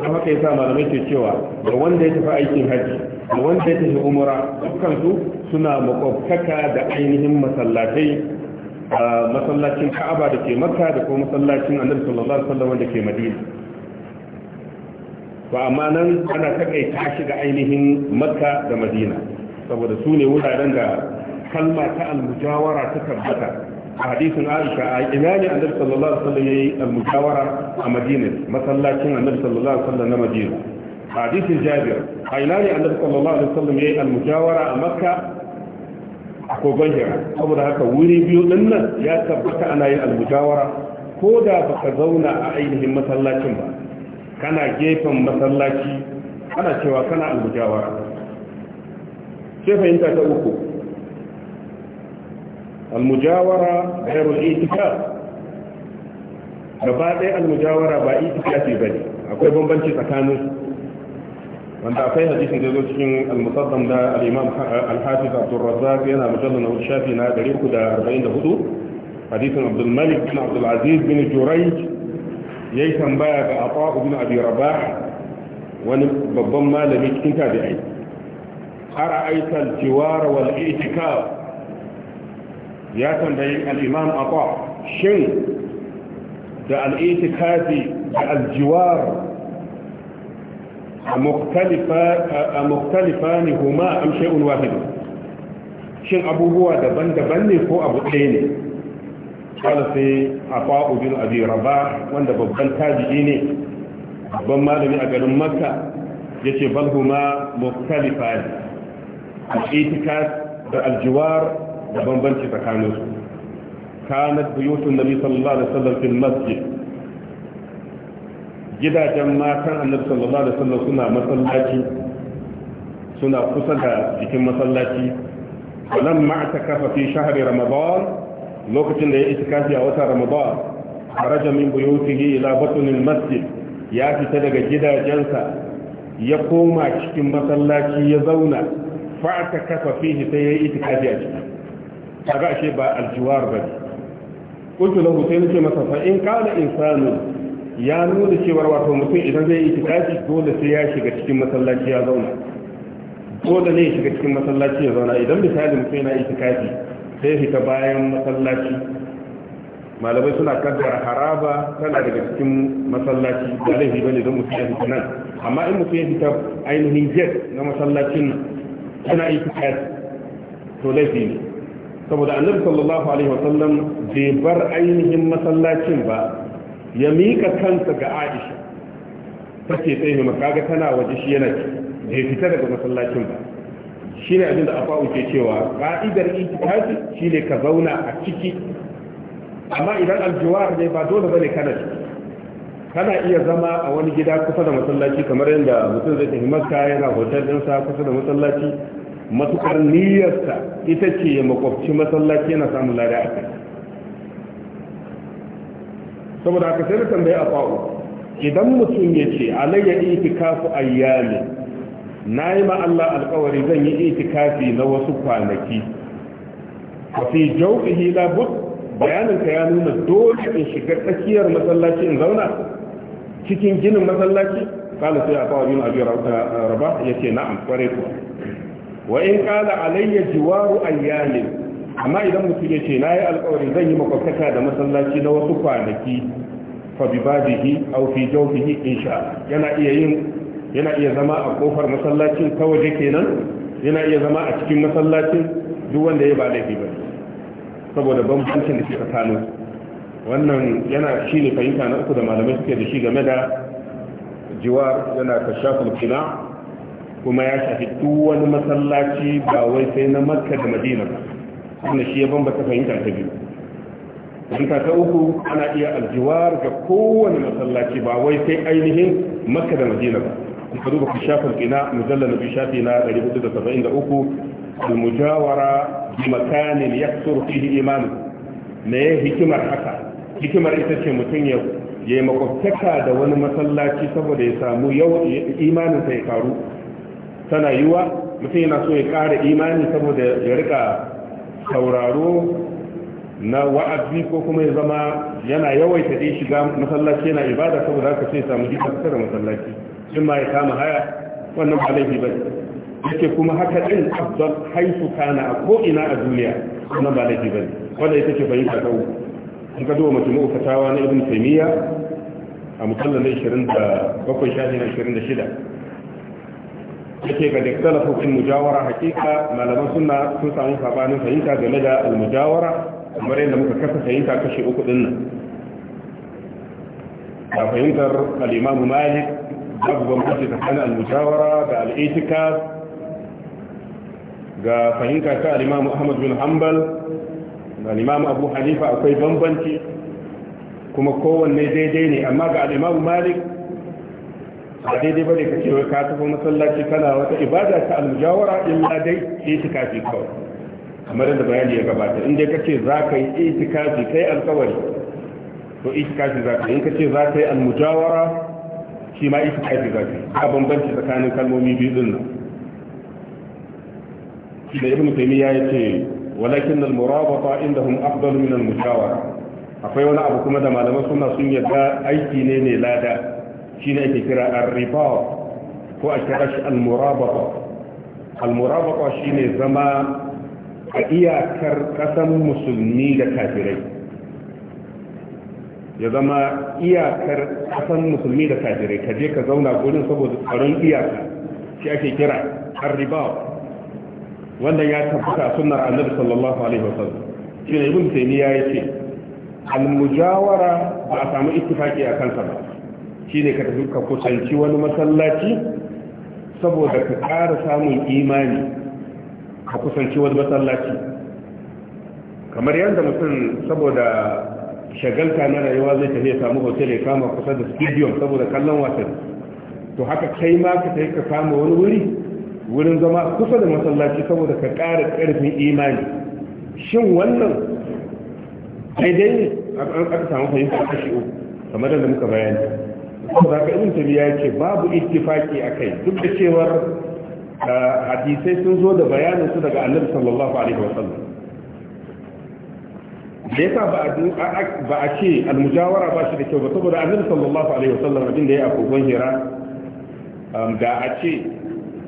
ne haka yasa malamai ke cewa da wanda ya tafi aikin hajji da wanda ya tafi umura dukkansu suna makwabtaka da ainihin masallatai masallacin ka'aba da ke makka da kuma masallacin annabi sallallahu alaihi wasallam wanda ke madina ba amma nan ana takaita shi da ainihin makka da madina saboda su ne wuraren da kalma ta almujawara ta tabbata a hadisin aisha a ina ne annabi sallallahu alaihi wasallam yayi almujawara a madina masallacin annabi sallallahu alaihi wasallam na madina hadisin jabir a ina ne annabi sallallahu alaihi wasallam yayi almujawara a makka a kogon hira saboda haka wuri biyu din nan ya tabbata ana yin almujawara ko da baka zauna a ainihin masallacin ba kana gefen masallaci kana cewa kana almujawara sai fahimta ta uku almujawara ghairul itikaf gaba ɗaya almujawara ba itikafi bane akwai bambanci tsakanin wanda akwai hadisin da cikin al-musaddam da al-imam eh, al-hafiz Abdul Razzaq yana mujallal na shafi na 344 hadisin Abdul Malik bin Abdul Aziz bin Jurayj yayi tambaya ga Afa ibn Abi Rabah wani babban malami cikin tabi'ai Har ara'aita al-jiwara wal-i'tikaf ya tambayi al'imam akwa shin da al'itikafi da aljiwar a muktalifa ne huma a amshe'un wahidu shin abubuwa daban-daban ne ko abu ɗaya ne kala sai a fa'ubin abin raba wanda babban tajiji ne babban malami a garin makka ya ce balhuma muktalifa ne al'itikaf da aljiwar da bambanci tsakanin su kanat buyutun nabi sallallahu alaihi wasallam fil masjid gidajen matan annabi sallallahu alaihi wasallam suna masallaci suna kusa da jikin masallaci ولم اعتكف في شهر رمضان لوكتين ده اعتكافي او وتر رمضان خرج من بيوته الى بطن masjid ya fita daga gidajensa ya koma cikin masallaci ya zauna fa ta kafa fihi sai yayi itikafi a cikin. kaga ashe ba aljiwar bane kuntu lahu sai nace masa fa in kana insanu ya nuna cewar wato mutum idan zai yi itikafi dole sai ya shiga cikin masallaci ya zauna dole ne ya shiga cikin masallaci ya zauna idan misali mutum yana itikafi sai fita bayan masallaci malamai suna kaddara haraba tana daga cikin masallaci ba laifi bane don mutum ya fita nan amma in mutum ya fita ainihin jet na masallacin tana itikafi to laifi ne saboda annabi sallallahu alaihi wasallam bai bar ainihin masallacin ba ya mika kansa ga aisha ta ce tsaye makaga tana waje shi yana bai fita daga masallacin ba shi ne abinda afa'u ke cewa kaidar itikafi shi ne ka zauna a ciki amma idan aljiwar ne ba dole bane kana ciki kana iya zama a wani gida kusa da masallaci kamar yadda mutum zai tafi yana hotel ɗinsa kusa da masallaci matukar niyyarsa ita ce ya makwabci masallaci yana samun lada a kai saboda haka sai da tambaye a fa'u idan mutum ya ce alayya itikafu ayyami na yi ma Allah alkawari zan yi itikafi na wasu kwanaki kafi fi hila labud bayaninka ya nuna dole in shiga tsakiyar masallaci in zauna cikin ginin masallaci kala sai a fa'u yin abu raba ya ce na'am kware kuwa wa in qala alayya jiwaru ayyami amma idan mutum ya ce nayi alƙawari zan yi makwabtaka da masallaci na wasu kwanaki fa bi babihi aw fi jawfihi insha yana iya yin yana iya zama a kofar masallacin ta waje kenan yana iya zama a cikin masallacin duk wanda ya ba laifi ba saboda bambancin da ke tsakanin wannan yana shine fahimta na uku da malamai suke da shi game da jiwar yana al-qina' kuma ya shafi duk wani masallaci ba wai sai na makka da madina ba wanda shi ya bambata fahimta ta biyu fahimta ta uku ana iya aljiwar ga kowane masallaci ba wai sai ainihin makka da madina ba ka duba ku shafin ina mujalla na shafi na 473 almujawara bi makanin yaksuru fihi imanu me hikimar haka hikimar ita ce mutum ya ya makwabtaka da wani masallaci saboda ya samu yau imanin imaninsa ya karu tana yiwa mutum yana so ya ƙara imani saboda ya rika sauraro na wa'azi ko kuma ya zama yana yawaita ɗin shiga masallaci yana ibada saboda haka sai samu kusa da masallaci in ma ya kama haya wannan ba laifi ba yake kuma haka ɗin afdal haifu kana a ko ina a duniya wannan ba laifi ba wanda ita ce fahimta ta uku in ka duba mutum tawa na ibn taimiyya a musallar 27 shafi na 26 yake ga daktalafu fil mujawara hakika malaman suna sun samu sabanin fahimta game da al mujawara kamar yadda muka kasa fahimta kashe uku din nan da fahimtar al-imam malik babu bambanci tsakanin al mujawara da al itikaf ga fahimta ta alimamu imam ahmad bin hanbal da alimamu abu hanifa akwai bambanci kuma kowanne daidai ne amma ga alimamu malik ba daidai bane ka ce ka tafi masallaci kana wata ibada ta almujawara illa dai itikafi kawai kamar da bayani ya gabata in dai kace za ka yi itikafi kai alkawari to itikafi za ka in kace za ka yi almujawara shi ma itikafi za ka yi a bambanci tsakanin kalmomi biyu din nan da ibnu taymiya yace walakin almurabata indahum afdalu min almujawara akwai wani abu kuma da malaman suna sun yadda aiki ne ne lada shine ake kira ar-ribat ko a kira shi al-murabaqa al-murabaqa shine zama a iyakar kasan musulmi da kafirai ya zama iyakar kasan musulmi da kafirai ka je ka zauna gurin saboda tsaron iyaka shi ake kira ar-ribat wannan ya tabbata sunnar annabi sallallahu alaihi wasallam shine ibn taymiya yace al-mujawara ba a samu ittifaki a kansa ba shine ka tafi ka kusanci wani masallaci saboda ka ƙara samun imani ka kusanci wani masallaci kamar yadda mutum saboda shagalta na rayuwa zai tafi ya samu hotel ya kama kusa da stadium saboda kallon wasan to haka kai ma ka tafi ka kama wani wuri wurin zama kusa da masallaci saboda ka ƙara ƙarfin imani shin wannan daidai ne ƙasa samun fahimta kashi uku kamar da muka bayani za ka ibn tabiya ce babu ittifaki kai duk da cewar uh, hadisai sun zo da bayanin daga annabi sallallahu alaihi wasallam da yasa ba a ce almujawara ba shi da kyau ba saboda annabi sallallahu alaihi wasallam abin da ya akogon hira um, da a ce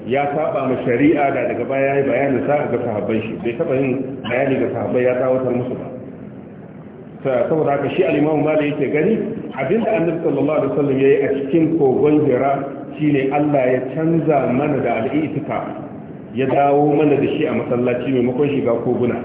ya saba ma shari'a da daga baya ya bayanin sa ga sahabban shi bai taba yin bayani ga sahabbai ya tawatar musu ba saboda haka shi al-Imam Malik yake gani abin da Annabi sallallahu alaihi wasallam yayi a cikin kogon Hira shine Allah ya canza mana da al ya dawo mana da shi a masallaci maimakon shiga koguna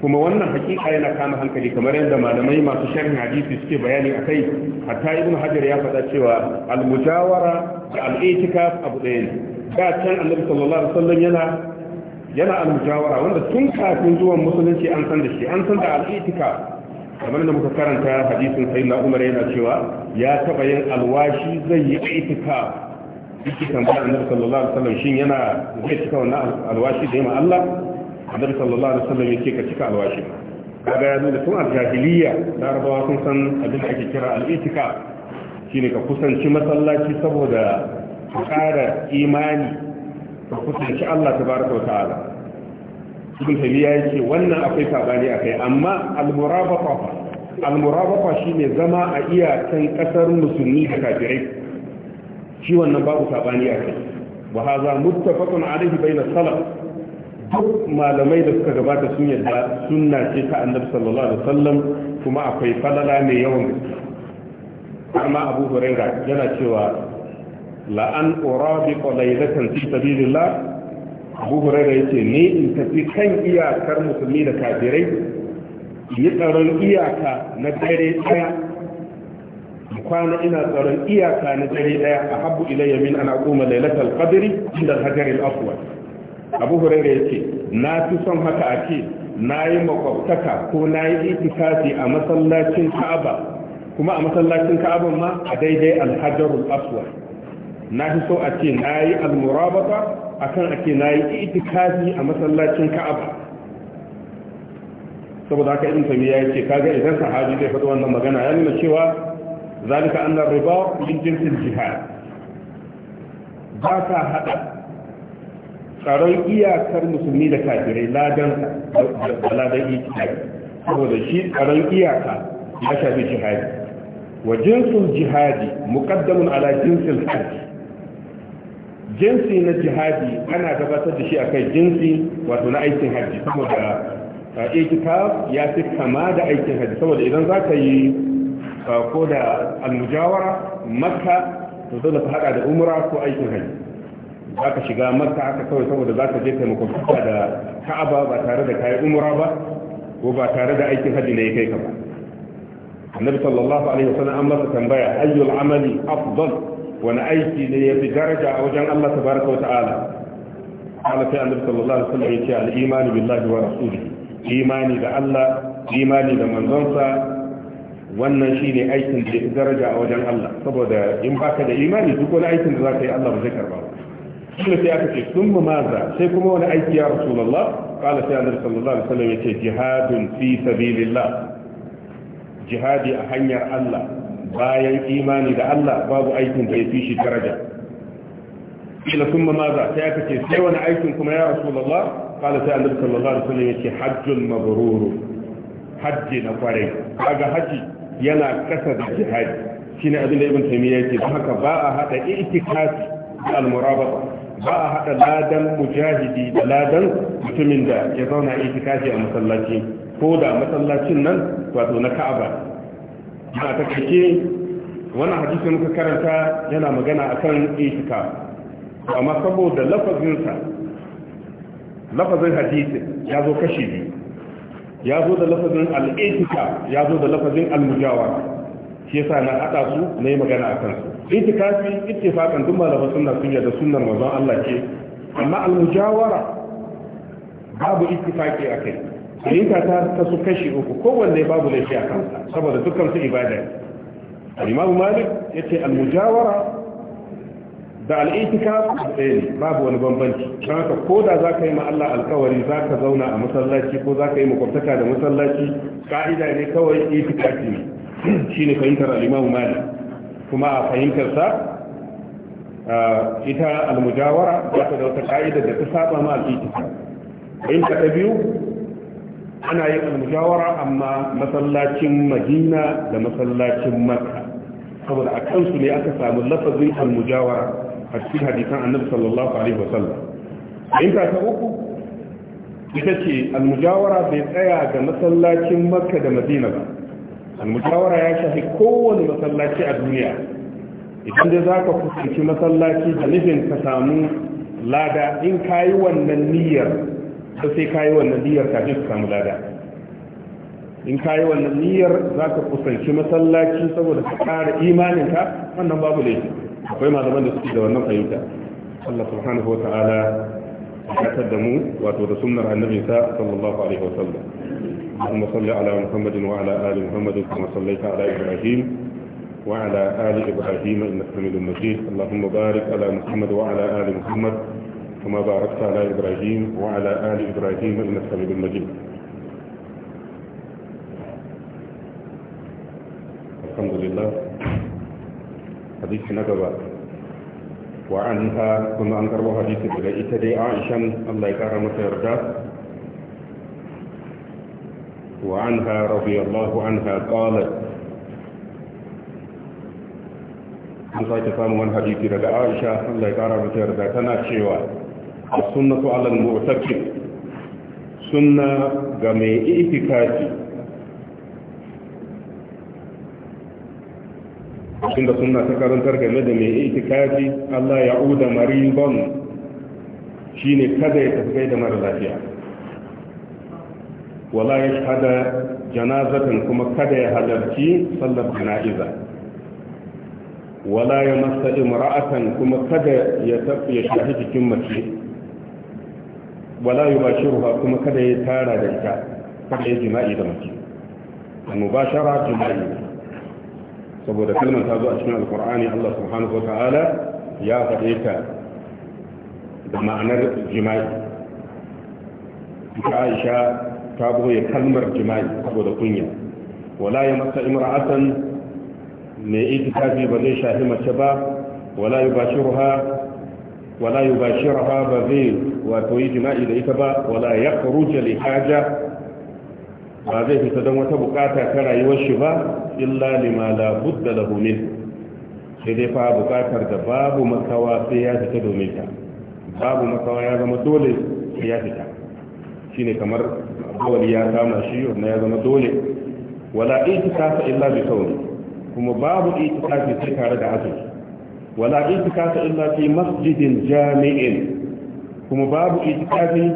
kuma wannan hakika yana kama hankali kamar yadda malamai masu sharhin hadisi suke bayani akai hatta ibnu hajar ya faɗa cewa al-mujawara da al-i'tikaf abu ɗaya ne da can annabi sallallahu alaihi wasallam yana yana al-mujawara wanda tun kafin zuwan musulunci an san da shi an san da al-itika kamar da muka karanta hadisin sayyidina Umar yana cewa ya taba yin alwashi zai yi itika yake tambaya annabi sallallahu alaihi wasallam shin yana zai cika wannan alwashi da yamma Allah annabi sallallahu alaihi wasallam yake ka cika alwashi kaga ya nuna tun al-jahiliya larabawa sun san abin da ake kira al-itika shine ka kusanci masallaci saboda ƙara imani ka kusanci Allah ta wa ta'ala ibn ya ce wannan akwai sabani kai. amma al-murabata al-murabata shine zama a iyakan kasar musulmi da kafirai shi wannan babu sabani akai wa hadha muttafaqun alayhi bayna salaf duk malamai da suka gabata sun yadda sunna ce ta annabi sallallahu alaihi wasallam kuma akwai falala mai yawan gaske amma abu hurairah yana cewa la'an urabiqa laylatan fi sabilillah abu hurairah yace ne in tafi kan iyakar musulmi da kafirai yi tsaron iyaka na dare daya kwana ina tsaron iyaka na dare daya a habbu ilayya min an aquma laylatal qadri inda al-hajar al-aswad abu hurairah yace na fi son haka a ce na yi makwabtaka ko na yi itikafi a masallacin ka'aba kuma a masallacin ka'aban ma a daidai al-hajar al-aswad na fi so a ce na yi almurabata a kan ake na yi itikafi a masallacin ka'aba saboda haka ibn ya ce kaga idan sahabi zai faɗi wannan magana ya nuna cewa zalika annar riba min jinsin jihar. ba ta haɗa tsaron iyakar musulmi da kafirai ladan da ladan itikafi saboda shi tsaron iyaka ya shafi jihadi wa jinsul jihadi muqaddamun ala jinsil hajji jinsi na jihadi ana gabatar da shi a kai jinsi wato na aikin hajji saboda uh, itikaf ya fi kama da aikin hajji saboda idan za ka yi uh, ko da almujawara makka to dole ka hada da umra ko aikin hajji za ka shiga makka haka kawai saboda za ka je taimako kuka da ka'aba ba tare da kayan umra ba ko ba tare da aikin hajji ne ya kai ka ba annabi sallallahu alaihi wasallam an masa tambaya ayyul amali afdal wani aiki ne ya fi daraja a wajen Allah tabaraka wata'ala ala sai annabi sallallahu alaihi wasallam yace al-imanu billahi wa rasulihi imani da Allah imani da manzonsa wannan shine aikin da ya fi daraja a wajen Allah saboda in baka da imani duk wani aikin da zaka yi Allah ba zai karba kuma sai aka ce sun mu maza sai kuma wani aiki ya rasulullah kala sai annabi sallallahu alaihi wasallam yace jihadun fi sabilillah jihadi a hanyar Allah bayan imani da Allah babu aikin da ya fi shi daraja ila kuma maza sai aka ce sai wani aikin kuma ya rasulullah kala sai annabi sallallahu alaihi wasallam yace hajjul mabrur hajji na kware kaga haji yana kasa da jihadi shine abin da ibn taymiya yake don haka ba a hada i'tikafi da al-murabata ba a hada ladan mujahidi da ladan mutumin da ya zauna itikafi a masallaci ko da masallacin nan wato na Ka'aba a ta kake wannan hadisi muka karanta yana magana akan itika amma saboda lafazinsa lafazin hadisi ya zo kashi biyu ya zo da lafazin al’itika ya zo da lafazin al'mujawa shi yasa na hada su na yi magana a kansu fi su itikafi ittifaqan duk malaman na sunya da sunan manzon Allah ce amma babu itika ke a kai. tarika ta su kashi uku kowanne babu laifi a kansa saboda dukkan su ibada al-imam malik yace al-mujawara da al-itikaf ne babu wani bambanci don haka ko zaka yi ma Allah alkawari zaka zauna a masallaci ko zaka yi makwabtaka da masallaci ka'ida ne kawai itikafi ne <clears throat> shine fahimtar al-imam malik kuma a fahimtar sa ita al-mujawara ta da wata ka'ida da ta saba ma al-itikaf fahimta ta biyu ana yin almujawara amma masallacin madina da masallacin makka saboda a kansu ne aka samu lafazin almujawara a cikin hadisan annabi sallallahu alaihi wasallam in ta uku ita ce almujawara bai tsaya ga masallacin makka da madina ba almujawara ya shafi kowane masallaci a duniya idan dai za ka kusanci masallaci da nufin ka samu lada in ka yi wannan niyyar har sai ka yi wannan niyyar kafin ka samu lada in ka yi wannan niyyar za ka kusanci masallaci saboda ka kara imaninka wannan babu laifi akwai malaman da suke da wannan fahimta Allah subhanahu wa ta'ala ya da mu wato da sunnar annabi ta sallallahu alaihi wa sallam اللهم صل على محمد وعلى آل محمد كما صليت على إبراهيم وعلى آل إبراهيم إنك حميد مجيد اللهم بارك على محمد وعلى آل محمد كما باركت على إبراهيم وعلى آل إبراهيم إنك حميد مجيد الحمد لله حديث نقبة وعنها كنا أنكر حديث بلئة دي عائشة الله يكرم يرجع وعنها رضي الله عنها قالت an sake samun wani hadisi daga الله allah ya kara mata as-sunnatu 'ala al-mu'taqid sunna ga mai itikafi tunda sunna ta karantar game da mai itikafi Allah ya uda mariban shine kada ya tafi da mara lafiya wala yashhada janazatan kuma kada ya halarci sallar jana'iza wala ya masa imra'atan kuma kada ya tafi ya shahi jikin mace wala yubashiruha kuma kada ya tara da ita kada ya jima'i da mace al-mubashara jima'i saboda kalmar ta zo a cikin alkur'ani Allah subhanahu wa ta'ala ya faɗe ta da ma'anar jima'i ita Aisha ta boye kalmar jima'i saboda kunya wala ya masa imra'atan mai itikafi ba zai shafi mace ba wala yubashiruha wala yubashirha ba zai wato yi jima'i da ita ba wala ya faruja li haja ba zai fita don wata bukata ta rayuwar shi ba illa lima la da lahu min sai dai fa bukatar da babu makawa sai ya fita domin ta babu makawa ya zama dole sai ya fita Shi ne kamar dole ya kama shi wannan ya zama dole wala itikafa illa bi sauri kuma babu itikafi sai tare da azumi wala itikafa illa fi masjidin jami'in kuma babu itikafi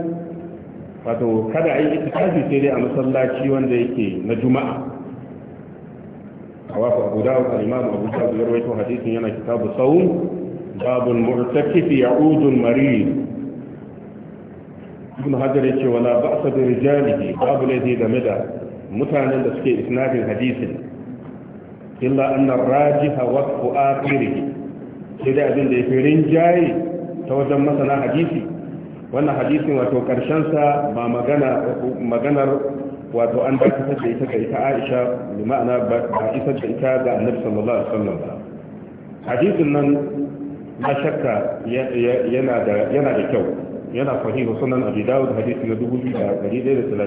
wato kada a yi itikafi sai dai a masallaci wanda yake na juma'a a wafa abu dawud al-imam abu dawud ya rawaito hadisin yana kitabu sawun babun mu'takifi ya'udun marid ibn hajar yace wala ba'sa bi ne. babu ne zai game da mutanen da suke isnafin hadisin illa anna rajiha waqfu akhirih sai dai abin da ya yake rinjaye ta wajen masana hadisi wannan hadisin wato karshensa ba magana maganar wato an dakatar da ita ga ita Aisha bi ma'ana ba isar da ita ga Annabi sallallahu alaihi wasallam ba hadisin nan na shakka yana da yana da kyau yana sahihu sunan Abi Dawud hadisi na 2135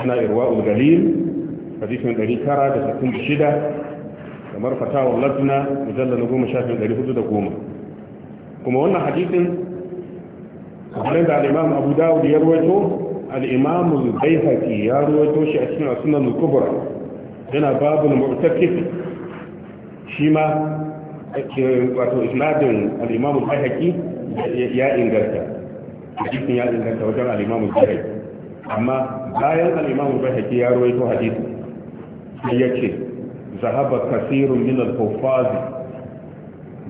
ana irwa'ul galil hadisin 966 kamar fatawar latina mujallar goma shafin ɗari hudu da goma kuma wannan hadisin عند الإمام أبو داود يرويته الإمام البيهقي يرويته شيء اسمه السنن الكبرى هنا باب المعتكف شيما واتو إسناد الإمام البيهقي يا إنجلتا حديث يا إنجلتا وجل الإمام البيهقي أما بايل الإمام البيهقي يرويته حديث سيكي ذهب كثير من الحفاظ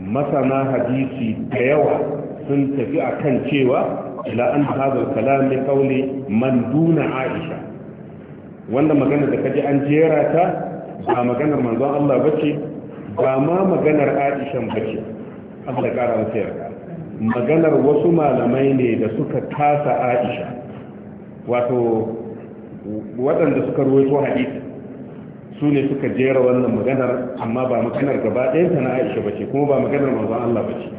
مثلا حديثي ديوه sun tafi a kan cewa ila an hadal kalam min qawli man duna aisha wanda magana da kaji an jera ta ba maganar manzon Allah ce ba ma maganar Aisha bace Allah kara masa yarda maganar wasu malamai ne da suka kasa Aisha wato waɗanda suka ruwaito hadisi su ne suka jera wannan maganar amma ba maganar gaba ɗayanta na Aisha ce, kuma ba maganar manzon Allah ce.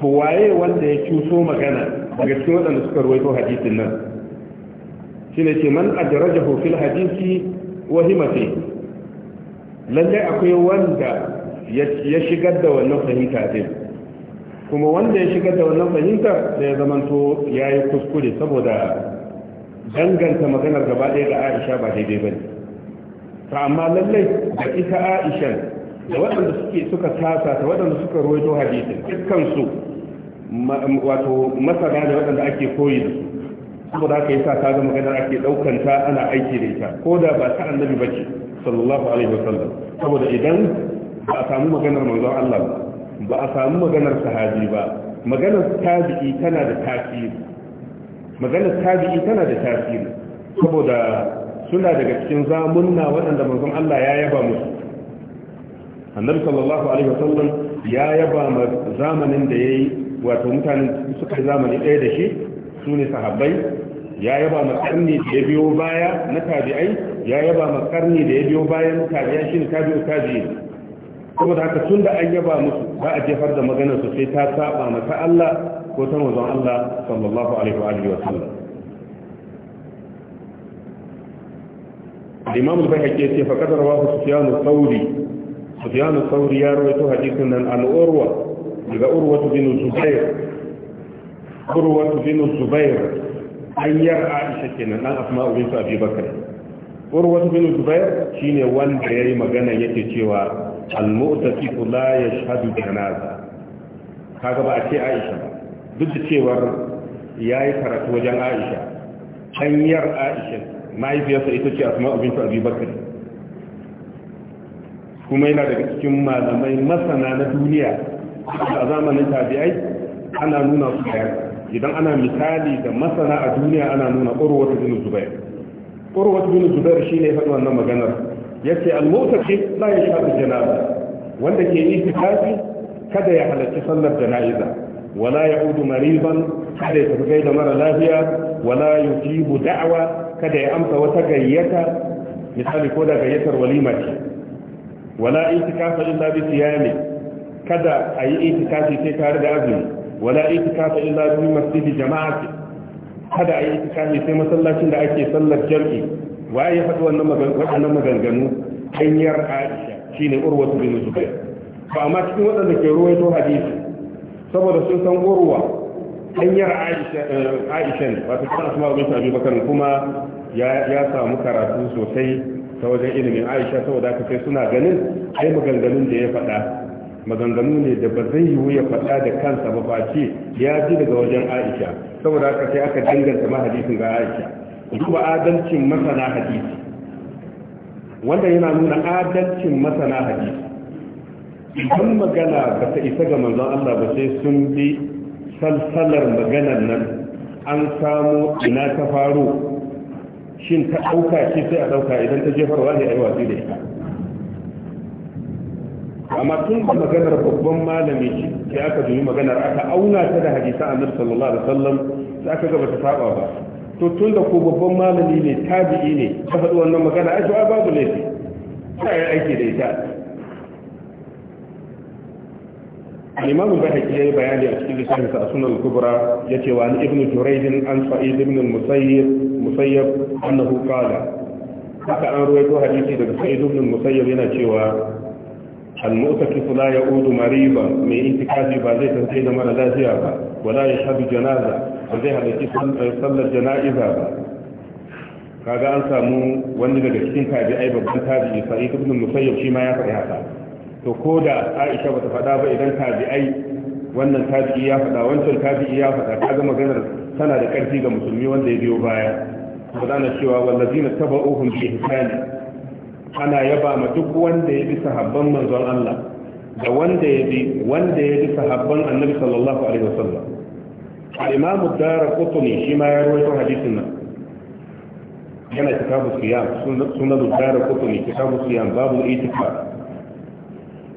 to waye wanda ya cuso magana daga cikin waɗanda suka ruwaito hadisin nan shi ne ce man ajrajahu fil hadisi wa himati Lallai akwai wanda ya shigar da wannan fahimta din kuma wanda ya shigar da wannan fahimta sai ya zamanto ya yi kuskure saboda danganta maganar gaba ɗaya da aisha ba daidai ba ne ta amma lallai da ita aishan da waɗanda suke suka sasa da waɗanda suka rawaito hadisi dukkan su wato masana da waɗanda ake koyi da su saboda haka yasa ta ga maganar ake daukan ta ana aiki da ita ko da ba ta annabi ba ce sallallahu alaihi wasallam saboda idan ba a samu maganar manzon Allah ba a samu maganar sahabi ba maganar tabi'i tana da tasiri maganar tabi'i tana da tasiri saboda suna daga cikin zamunna waɗanda manzon Allah ya yaba musu annabi sallallahu alaihi wasallam ya yaba ma zamanin da yayi wato mutanen suka yi zamani ɗaya da shi su ne sahabbai ya yaba ma karni da ya biyo baya na tabi'ai ya yaba ma karni da ya biyo baya na tabi'ai shine tabi'u tabi'i kuma da haka tun da an yaba musu ba a jefar da magana su sai ta saba mata Allah ko ta manzon Allah sallallahu alaihi wa alihi wasallam الإمام البيهقي يقول فقد رواه سفيان الثوري سفيان الثوري يروي حديثنا عن أروى إذا أروى بن الزبير أروى بن الزبير أن يرى عائشة كنا أن أسماء بنت أبي بكر أروى بن الزبير شين وان بيري مغانا يتشوى المؤتسف لا يشهد جنازة kaga بقى a ce aisha ba duk da cewar ya yi karatu wajen aisha hanyar aisha mahaifiyarsa ita ce asma'u bintu abubakar kuma yana daga cikin malamai masana na duniya a zamanin tabi'ai ana nuna su idan ana misali da masana a duniya ana nuna urwatu bin zubair urwatu bin zubair shine faɗi wannan maganar yace al-mutaqi la yashhadu janaza wanda ke itikafi kada ya halarci sallar janaiza wala ya'udu mariban kada ya tafi da mara lafiya wala yujibu da'awa, kada ya amsa wata gayyata misali ko da gayyatar walima ce wala itikafa illa bi siyami kada ayi itikafi sai ka riga azumi wala itikafa illa bi masjidi jama'ati kada ayi itikafi sai masallacin da ake sallar jam'i waye ya faɗi wannan maganganu maganganu hanyar Aisha shine Urwatu bin Zubair ba amma cikin waɗanda ke ruwaito hadisi saboda sun san Urwa hanyar Aisha eh, Aisha wato kan Asma bin Abi Bakar kuma ya ya samu karatu sosai ta wajen ilimin aisha saboda haka sai suna ganin ai maganganun da ya faɗa maganganu ne da ba zai yiwu ya faɗa da kansa ba face ya ji daga wajen aisha saboda haka sai aka danganta ma hadisin ga aisha duba adalcin masana hadisi wanda yana nuna adalcin masana hadisi idan magana ba ta isa ga manzon Allah ba sai sun bi salsalar maganar nan an samu ina ta faru. shin ta ɗauka shi sai a ɗauka idan ta jefar ne a yi watsi da ita amma tun da maganar babban malami ce sai aka dubi maganar aka auna ta da hadisa annabi sallallahu alaihi wasallam sai aka ga ta saba ba to tun da ko babban malami ne tabi'i ne ta faɗi wannan magana ai babu laifi sai aiki da ita al-imam ya yayi bayani a cikin littafin sa sunan kubra yace wa ibnu jurayd an sa'id ibn al-musayyib musayyib annahu qala an ruwaito hadisi daga sa'id al yana cewa المؤتكف لا يعود مريضا من انتكاسي با زي تنسيد مرة لازية با ولا يشهد جنازة وزي هلتي صلى الجنائزة با kaga an samu wani daga cikin tabi'ai babban tabi'i sa'id ibn musayyib shi ma ya faɗi haka to ko da aisha bata faɗa ba idan tabi'ai wannan tabi'i ya faɗa wancan tabi'i ya faɗa kaga maganar tana da ƙarfi ga musulmi wanda ya biyo baya ba za na cewa wallazina taba'uhum bi ihsani ana yaba ma duk wanda ya bi sahabban manzon Allah da wanda ya bi wanda ya bi sahabban annabi sallallahu alaihi wasallam al-imam ad-darqutni shi ma ya rawaito hadisin nan yana kitabu siyam sunan ad-darqutni kitabu siyam babu itikaf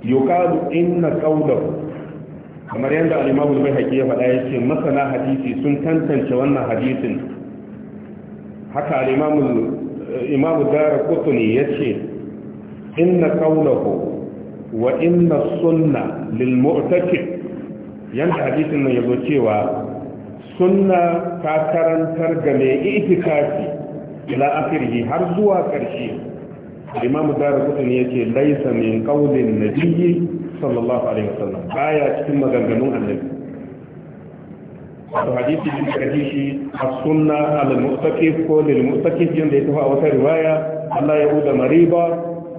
yuqalu inna qawlahu kamar yadda al-imamu al ya faɗa yace masana hadisi sun tantance wannan hadisin haka al-imamu imamu dara kutuni yace inna qawlahu wa inna sunna lil mu'takid yanda hadisin nan yazo cewa sunna ta karantar ga mai itikafi ila akhirih har zuwa ƙarshe imam ya ce laysa min qawlin nabiyyi sallallahu alaihi wasallam baya cikin maganganun annabi wato hadisi din hadisi as-sunna ala al-mu'taqif ko lil mu'taqif yanda ya tafi a wata riwaya Allah ya uda mariba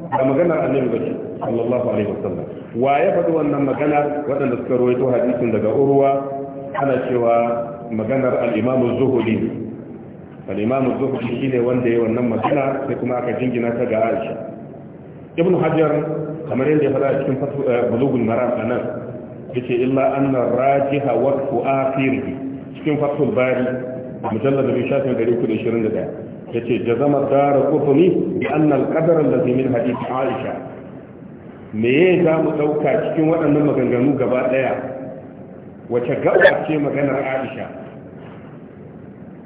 da maganar annabi bace sallallahu alaihi wasallam wa ya faɗi wannan magana waɗanda suka rawaito hadisin daga urwa ana cewa maganar al-imam az-zuhri al-imam az-zuhri shine wanda yayi wannan magana sai kuma aka jingina ta ga Aisha ibn hajar kamar yadda ya faɗa a cikin eh, a nan anan yace illa anna rajiha a akhirih cikin fathul bari da mujallad bi shafin 321 yace jazama dar qutni bi anna al-qadar alladhi min hadith Aisha me ya za mu ɗauka cikin waɗannan maganganu gaba daya wace gaba ce maganar Aisha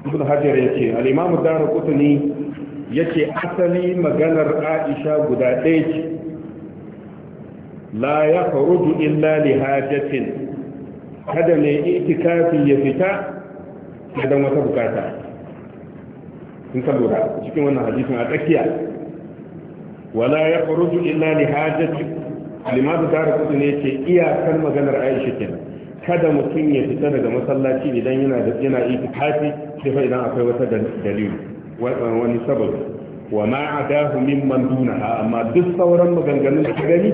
ibn hajar ya ce al'imamu dara kutuni ya ce asali maganar aisha guda ɗaya ce la ya faruju illa li hajatin kada mai itikafi ya fita idan wata bukata in ka lura cikin wannan hadisin a tsakiya wala ya faruju illa li hajatin al'imamu dara kutuni ya ce iyakar maganar aisha kenan kada mutum ya fita daga masallaci idan yana da yana itikafi sai fa idan akwai wata dalili wani sababi wa ma adahu mimman dunaha amma duk sauran maganganun da gani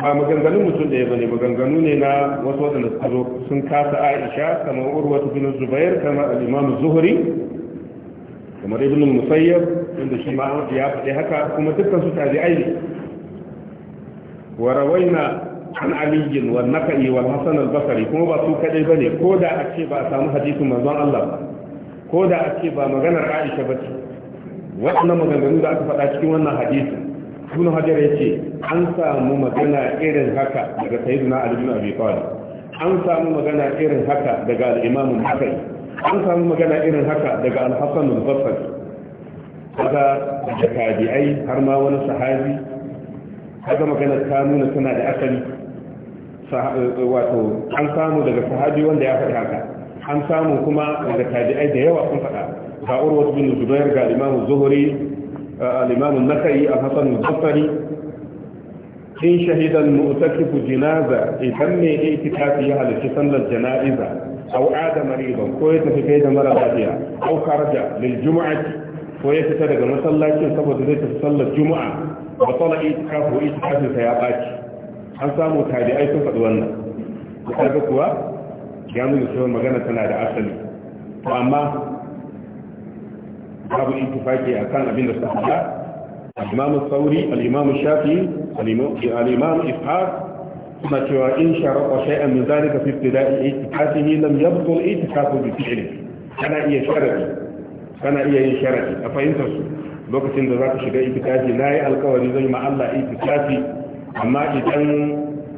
ba maganganun mutum ɗaya bane maganganu ne na wasu waɗanda suka zo sun kasa Aisha kamar Urwa bin Zubair kamar al-Imam Zuhri kamar Ibn Musayyab inda shi ma ya faɗi haka kuma dukkan su tabi'ai ne wa rawaina an aliyin wa naka'i wa hasan al basari kuma ba su kadai bane ko da a ce ba a samu hadisin manzon Allah ba ko da a ce ba maganar Aisha ba ce waɗannan maganganu da aka faɗa cikin wannan hadisi ibn ya ce an samu magana irin haka daga sayyidina ali bin abi talib an samu magana irin haka daga al-imam al-hasan an samu magana irin haka daga al-hasan al-basri kaga da tabi'ai har ma wani sahabi kaga magana ta nuna tana da asali wato an samu daga sahabi wanda ya faɗi haka an samu kuma daga tabi'ai da yawa sun faɗa ga urwat bin zubair ga imam zuhri al-imam uh, an-nasa'i hasan in shahidan al-mu'takif janaza idan ne itikafi ya halarci sallar jana'iza aw ada mariban ko ya tafi kai da mara lafiya aw kharaja lil ko ya fita daga masallacin saboda zai tafi sallar juma'a wa tala itikafu itikafin sa ya baci an samu tabi'ai sun faɗi wannan da ƙarfi kuwa ya nuna cewa magana tana da asali to amma babu intifaki a kan abin da suka haɗa al'imamu sauri al'imamu shafi al'imamu ishaq suna cewa in sharaɓa shay'an min zalika fi nan itikasihi lam iya itikasu bi fi'li kana iya sharadi kana iya yin sharadi a fahimtar su lokacin da za zaka shiga na yi alkawari zai ma Allah itikafi amma idan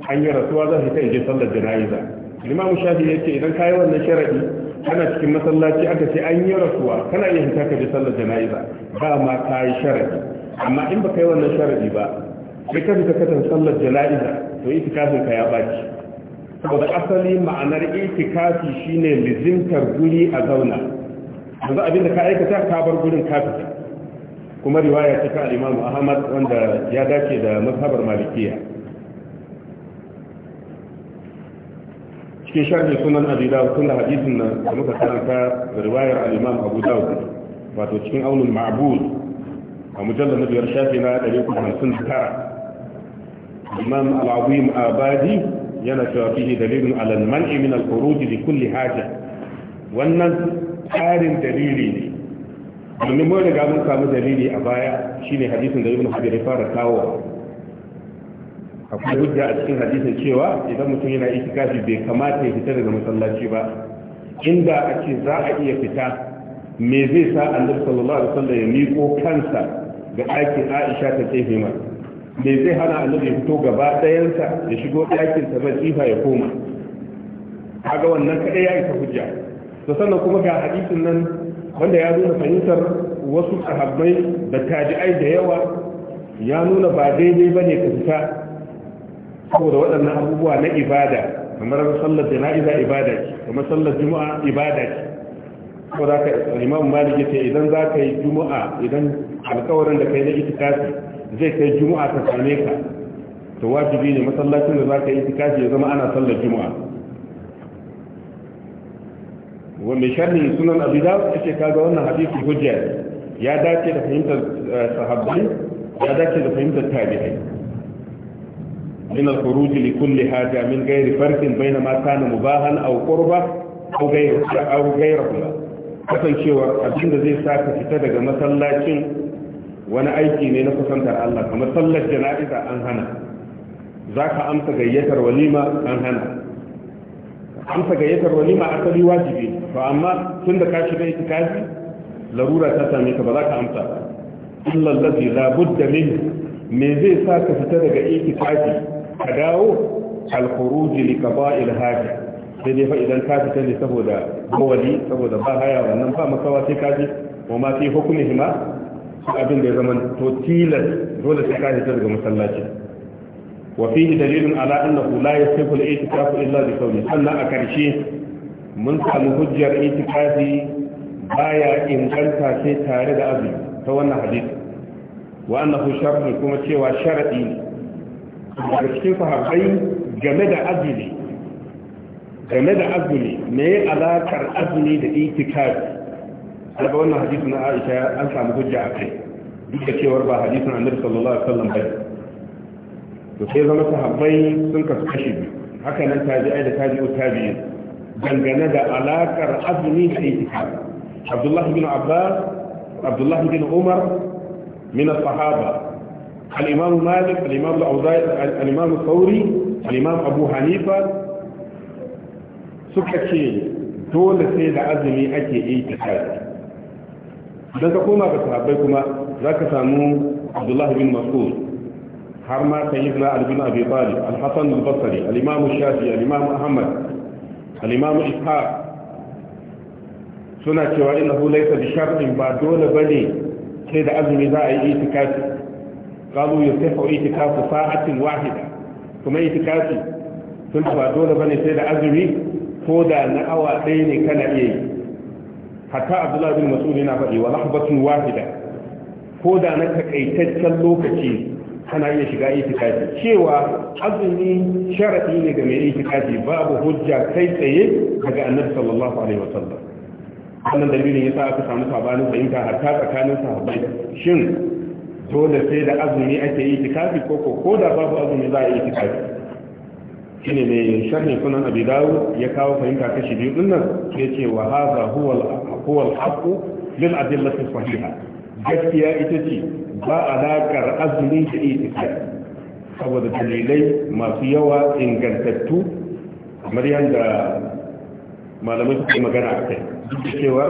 an yi rasuwa za fita in je sallar jana'iza limamu shafi ya ce idan kayi wannan sharadi kana cikin masallaci aka ce an yi rasuwa kana iya fita ka je sallar jana'iza ba ma ka yi sharadi amma in baka yi wannan sharadi ba sai ka fita katan sallar jana'iza to itikafin ka ya baci saboda asali ma'anar itikafi shine lizimtar guri a zauna yanzu abin ka aikata ka bar gurin ka kuma riwaya ta ka al-imam ahmad wanda ya dace da mazhabar malikiya cikin sharhi sunan abi dawud tun hadisin nan da muka karanta da riwayar al-imam abu dawud wato cikin aunul ma'bud a mujallar na biyar shafi na 159 imam al-azim abadi yana cewa fihi dalilun ala al-man'i min al-khuruj li kulli haja wannan tsarin dalili ne domin mun riga mun samu dalili a baya shine hadisin da ibn hajar ya fara kawo akwai hujja a cikin hadisin cewa idan mutum yana itikafi bai kamata ya fita daga masallaci ba inda a ce za a iya fita me zai sa annabi sallallahu alaihi wasallam ya miƙo kansa ga ɗakin Aisha ta tsefe ma me zai hana annabi ya fito gaba sa ya shigo ɗakin ta tsifa ya koma kaga wannan kadai ya isa hujja to sannan kuma ga hadisin nan wanda ya nuna fahimtar wasu sahabbai da tabi'ai da yawa ya nuna ba daidai ba ne ka fita saboda waɗannan abubuwa na ibada kamar sallar jana'iza ibada ce kamar sallar juma'a ibada ce ko za ka imam malik ce idan za ka yi juma'a idan alkawarin da kai na itikafi zai kai juma'a ta same ka to wajibi ne masallacin da za ka yi itikafi ya zama ana sallar juma'a wa mai sharhin sunan abu dawud yake kaga wannan hadisi hujja ya dace da fahimtar eh, sahabbai ya dace da fahimtar tabi'ai min al-khuruj li kulli haja min ghairi farqin bayna ma kana mubahan aw qurba aw ghayr aw ghayruhu kasancewa abinda zai sa ka fita daga masallacin wani aiki ne na kusantar Allah kamar sallar jana'iza an hana zaka amsa gayyatar walima an hana an sa gayyatar walima asali wajibi to amma tun da ka shiga itikafi larura ta same ka ba za ka amsa illa allazi la budda min me zai sa ka fita daga itikafi ka dawo al khuruj li qada'il haja sai dai fa idan ka fita ne saboda gowali saboda ba haya wannan ba makawa sai ka ji wa ma fi hukmihima abin da ya zama to tilas dole sai ka fita daga masallaci wa fihi dalilun ya annahu la yasifu al-i'tikafu illa bi qawli sannan a karshe mun samu hujjar i'tikafi baya inganta sai tare da azumi ta wannan hadisi wa annahu shartun kuma cewa sharadi ne daga cikin sahabbai game da azumi game me alakar azumi da i'tikafi daga wannan hadisi na Aisha an samu hujja akai duk da cewar ba hadisin Annabi sallallahu alaihi bai to sai zama sahabbai sun kasu kashi biyu haka nan tabi'ai da tabi'u tabi'in dangane da alakar azumi da itikaf Abdullah bin Abbas Abdullah bin Umar min as-sahaba al Malik al-Imam al-Awza'i al Abu Hanifa suka ce dole sai da azumi ake itikaf dan ka koma ga sahabbai kuma ka samu Abdullah bin Mas'ud har ma sayyidina Ali bin Abi Talib al-Hasan al-Basri al-Imam Shafi al-Imam Ahmad al-Imam Ishaq suna cewa innahu laysa bi shartin ba dole bane sai da azumi za a yi itikafi qalu yasihu itikafu sa'atin wahida kuma itikafi sun ba dole bane sai da azumi ko da na awa ɗaya ne kana iya yi hatta Abdullah bin Mas'ud yana faɗi wa lahbatun wahida ko da na takaitaccen lokaci kana iya shiga itikafi cewa azumi sharadi ne ga mai itikafi babu hujja kai tsaye daga annabi sallallahu alaihi wasallam wannan dalilin yasa aka samu sabanin fahimta har ta tsakanin sahabbai shin dole sai da azumi ake itikafi ko ko ko da babu azumi za a yi itikafi shine mai sharhin sunan abi dawo ya kawo fahimta kashi biyu dinnan ya ce wa hadha huwa al-huwa haqqu bil adillati sahiha gaskiya ita ce ba alaƙar azumi da itika saboda dalilai masu yawa ingantattu kamar yadda malamai suke magana a kai duk da cewa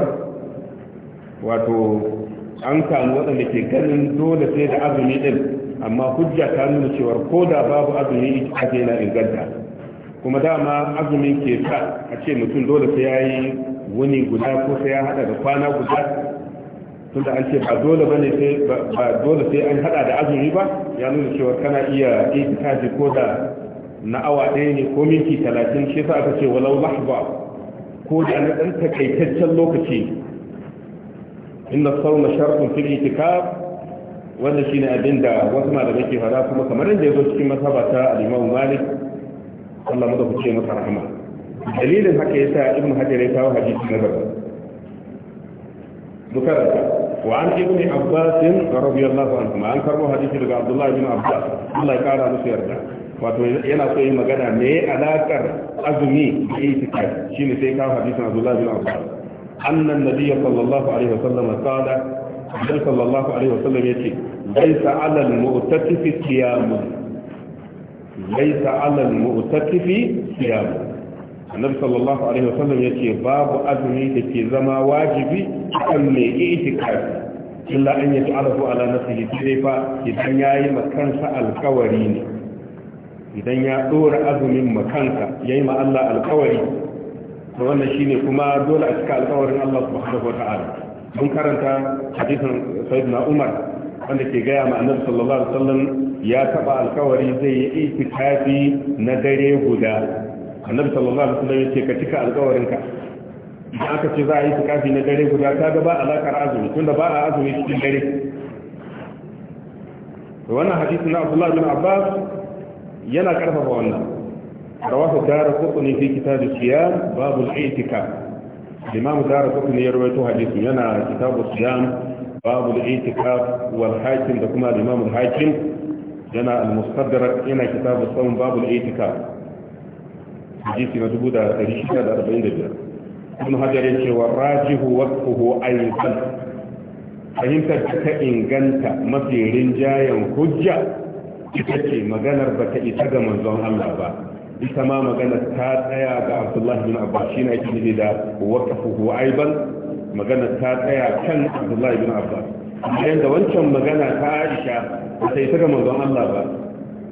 wato an samu waɗanda ke ganin dole sai da azumi ɗin amma hujja ta nuna cewa ko da babu azumi ce na inganta kuma dama azumin ke sa a ce mutum dole sai ya yi wuni guda ko sai ya haɗa da kwana guda tunda an ce ba dole bane sai ba dole sai an hada da azumi ba ya nuna cewa kana iya itikafi ko da na awa ɗaya ne ko minti talatin shi sa aka ce walau lahba ko da an ɗan takaitaccen lokaci inna sauna shartun fil itikaf wanda shine abin da wasu malamai ke fara kuma kamar yadda ya zo cikin masaba ta al-Imam Malik Allah mu da kuce masa rahama dalilin haka yasa Ibn Hajar ya kawo hadisi na gaba mu karanta وعن ابن عباس رضي الله عنهما عن كربو حديث لك عبد الله بن عباس الله يقارى نسير wato yana so yi magana me alakar azumi da itikafi shine sai kawo hadisin Abdullah bin Abbas annan nabiyyi sallallahu alaihi wasallam qala dan sallallahu alaihi wasallam yace laysa ala al-mu'takifi qiyam laysa ala al-mu'takifi qiyam annabi sallallahu alaihi wasallam yace babu azumi da ke zama wajibi kan mai itikafi illa an yi ta'alahu ala nafsihi sai fa idan yayi makansa alkawari ne idan ya dora azumin makansa yayi ma Allah alkawari to wannan shine kuma dole a cika alkawarin Allah subhanahu wataala mun karanta hadisin sayyidina Umar wanda ke gaya ma annabi sallallahu alaihi wasallam ya taba alkawari zai yi itikafi na dare guda annabi sallallahu alaihi wasallam yace ka cika ka. idan aka ce za a yi tukafi na dare guda ta ga ba alaƙar azumi tunda ba a azumi cikin dare wannan hadisi na Abdullahi bin Abbas yana karfafa wannan rawahu darqutni fi kitab as-siyam babul i'tikaf الإمام دار قطني يرويته حديث ينا كتاب الصيام باب الاعتكاف والحاكم لكما الإمام الحاكم ينا المستدرك ينا كتاب الصوم باب الاعتكاف hadisi na dubu da ɗari shida da arba'in da biyar ibn hajar ya ce wa rajihu wasfuhu ayyukan fahimtar da ta inganta mafi rinjayen hujja ita ce maganar ba ta isa ga manzon Allah ba ita ma maganar ta tsaya ga Abdullahi bin Abbas shi ne ake nufi da waqafuhu aiban maganar ta tsaya kan Abdullahi bin Abbas amma yanda wancan magana ta Aisha ba ta isa ga manzon Allah ba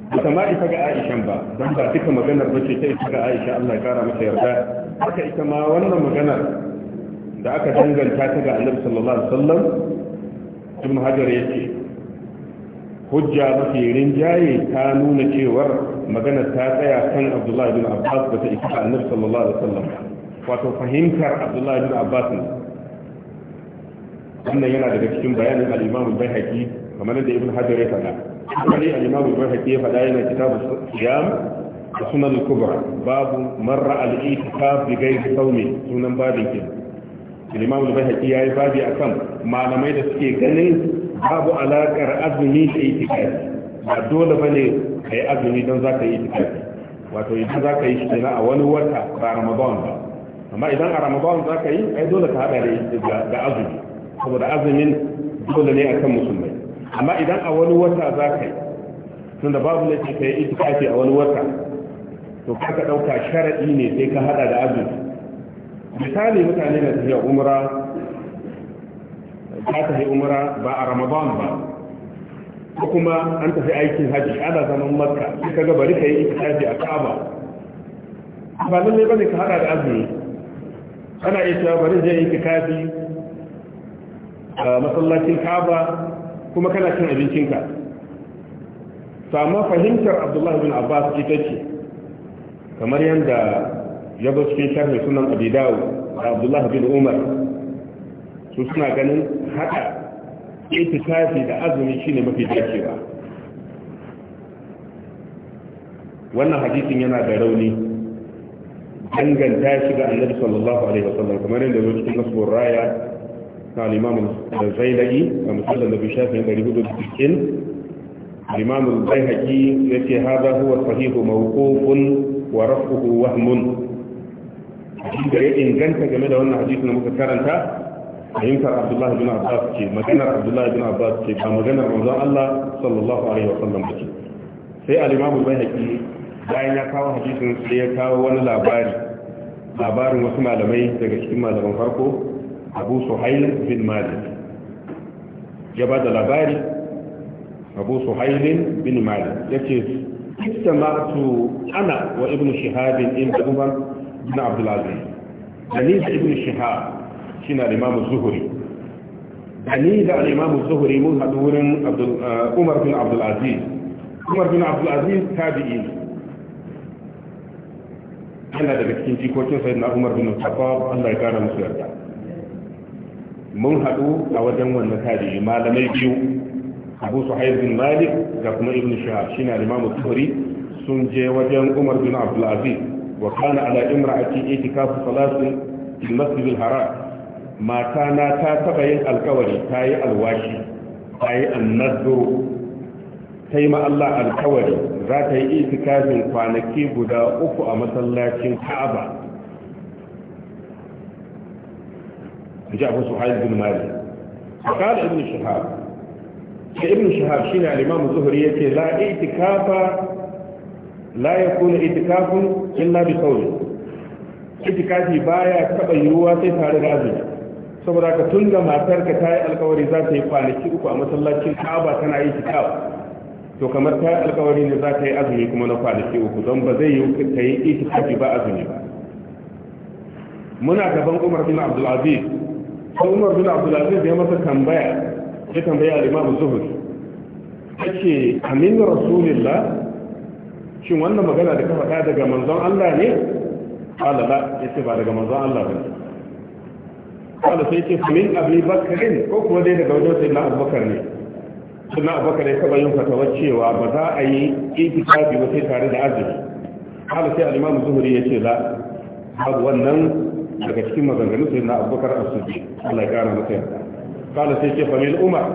bata ma isa ga aishan ba don ba duka maganar ba ce ta ita ga aisha allah ya kara mata yarda haka ita ma wannan maganar da aka danganta ta ga annabi sallallahu alaihi wasallam ibn hajar ya ce hujja mafi rinjaye ta nuna cewar magana ta tsaya kan abdullahi bin abbas ba ta isa ga annabi sallallahu alaihi wasallam wato fahimtar abdullahi bin abbas ne wannan yana daga cikin bayanin al-imam al-baihaqi kamar da ibn hajar ya faɗa kare al-imam al-bayhaqi faɗa yana kitabu siyam da sunan al-kubra babu marra al-itikaf gai ghairi sawmi sunan babin kin al-imam al ya yi babi akan malamai da suke ganin babu alakar azumi da dole ba ne ka yi azumi don ka yi itikaf wato idan ka yi shi a wani wata ba ramadan ba amma idan a ramadan ka yi ai dole ka haɗa da azumi saboda azumin dole ne akan musulmai amma idan a wani wata za ka yi tun da babu laifi ka yi itikafi a wani wata to ka ka ɗauka sharaɗi ne sai ka haɗa da azumi misali mutane na tafiya umra ta tafi umra ba a ramadan ba ko kuma an tafi aikin hajji ana zaman makka sai ka ga bari ka yi itikafi a ka'aba ba lallai bane ka haɗa da azumi ana iya cewa bari zai yi itikafi masallacin ka'aba kuma kana cin abincinka to amma fahimtar abdullahi bin abbas ita ce kamar yadda ya zo cikin sharhi sunan abi da abdullahi bin umar su suna ganin haka itikafi da azumi shine mafi dacewa wannan hadisin yana da rauni danganta shi ga annabi sallallahu alaihi wasallam kamar yadda zo cikin nasbur raya na al'imam al-zailai a musallar nabi shafin 460 al'imam al-zaihaki ya ce haza huwa sahihu mawqufun wa rafuhu wahmun da ya inganta game da wannan hadisi da muka karanta fahimtar abdullahi bin abbas ce maganar abdullahi bin abbas ce ba maganar manzon Allah sallallahu alaihi wa sallam ce sai al-imam bayan ya kawo hadisin sai ya kawo wani labari labarin wasu malamai daga cikin malaman farko abu suhail bin malik ya ba da labari abu suhail bin malik ya ce istamatu ana wa ibn shihabin inda umar bin abdulaziz da da ibn shihab shi na limamu zuhuri da ni da limamu zuhuri mun haɗu wurin eh, umar bin abdulaziz umar bin abdulaziz tabi'i ne yana daga cikin jikokin sayyidina umar bin al-khattab Allah ya kara musu yarda mun haɗu a wajen wannan tarihi malamai biyu abu suhaib bin malik da kuma ibn shahab shine al Limamu tuhri sun je wajen umar bin Abdulaziz, aziz wa kana ala imra'ati itikafu salatin fil masjid al-haram mata na ta taba yin alkawari ta yi alwashi ta yi annazuru ta yi ma Allah alkawari za ta yi itikafin kwanaki guda uku a masallacin Ka'aba ji abu suhail bin mali فقال ابن شهاب ابن شهاب شين الإمام الزهري يتي لا اعتكاف لا يكون اعتكاف إلا بقول itikafi baya taba yiwuwa sai tare da azumi saboda ka tun matarka matar ka tayi alkawari za ta yi kwanaki uku a masallacin Ka'aba tana yi kitab to kamar tayi alkawari ne za ta yi azumi kuma na kwanaki uku don ba zai yi ta yi itikafi ba azumi ba muna gaban Umar bin Abdul umar bin abdulaziz ya masa tambaya ya tambaya al-imam zuhri yace amin rasulillah shin wannan magana da ka faɗa daga manzon Allah ne qala ya yace ba daga manzon Allah ba kala sai yace min abi bakr ko kuma dai daga wajen sayyidina abubakar ne abu abubakar ya taba yin fatawa cewa ba za a yi itikafi ba sai tare da azumi qala sai al-imam zuhri yace la babu wannan daga cikin mazangarin sai na abubakar as-siddiq Allah ya kara masa yarda kala sai ce famil umar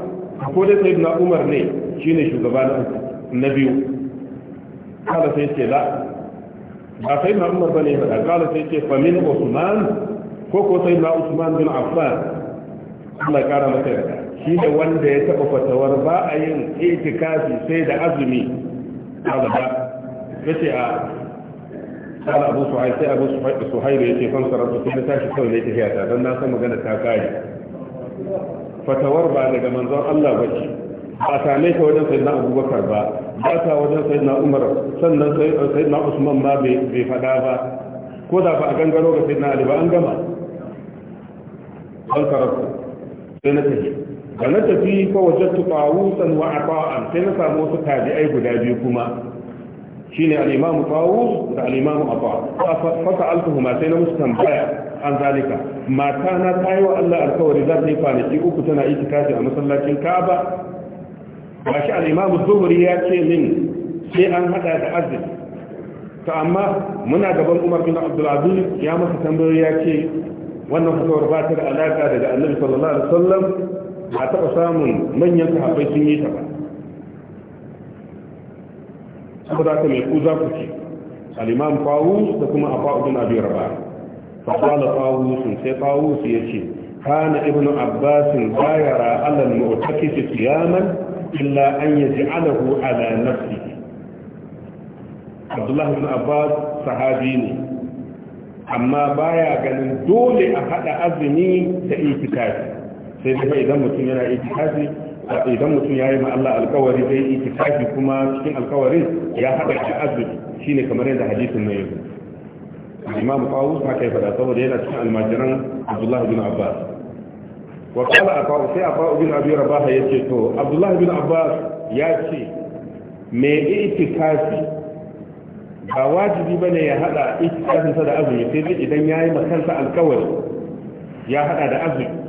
ko dai sai na umar ne shine shugaba na biyu kala sai ce la ba sai na umar bane ba kala sai ce famil usman ko ko sai na usman bin affan Allah ya kara masa yarda ne wanda ya taba fatawar ba a yin itikafi sai da azumi kala ba yace a kala abu su sai abu su hairu ya ce fansar sai na tashi kawai na tafiya ta don na san magana ta kare fatawar ba daga manzon Allah ba ce same ta wajen sayyidina abubakar ba ba ta wajen sayyidina umar sannan sayyidina usman ma bai faɗa ba ko da ba a gangaro ga sayyidina ali ba an gama sai na tafi na tafi sai na wasu tabi'ai guda biyu kuma shine al-imamu tawus da al-imamu abba fa sai na musu tambaya an zalika mata na tayi Allah alkawari za ta yi kwanaki uku tana itikafi a masallacin Ka'aba ba shi al-imamu ya ce min sai an hada da azumi Ta amma muna gaban Umar bin Abdul Aziz ya masa tambayoyi ya ce wannan fatawar ba ta da alaka daga Annabi sallallahu alaihi wasallam ba taɓa samun manyan sahabbai sun yi ta ba saboda haka mai ku za ku ce al-imam da kuma afa'u bin abi rabah fa qala qawus sai qawus yace kana ibnu abbas la yara ala al qiyaman illa an yaj'alahu ala nafsihi abdullah ibn abbas sahabi ne amma baya ganin dole a hada azumi da itikafi sai dai idan mutum yana itikafi idan mutum ya yi ma Allah alkawari zai yi itikafi kuma cikin alkawarin ya haɗa da azumi shine kamar yadda hadisin mai yanzu imam qawus ma kai fada saboda yana cikin almajiran Abdullah bin Abbas wa qala aqaw sai aqaw bin Abi Rabah yace to Abdullah bin Abbas ya ce me itikafi ba wajibi bane ya hada itikafin sa da azumi sai idan ya ma makansa alkawari ya hada da azumi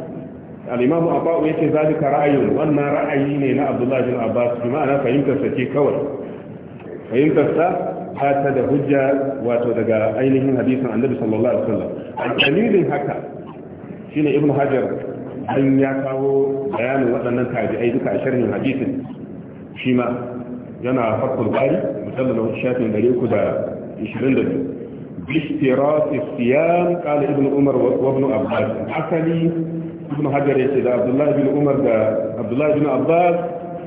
al-imamu abu yake zalika ra'ayun wannan ra'ayi ne na abdullahi bin abbas bi ma'ana fahimtar sa ce kawai fahimtar sa ba ta da hujja wato daga ainihin hadisan annabi sallallahu alaihi wasallam dalilin haka shine ibnu hajar an ya kawo bayanin waɗannan tabi'ai duka a sharhin hadisin shi ma yana fakul bari musamman shafin dare ku da ishirin da biyu. bishtirasi siyam qala ibnu umar wa ibnu abbas asali ibn hajar yace da abdullahi bin umar da abdullahi bin abbas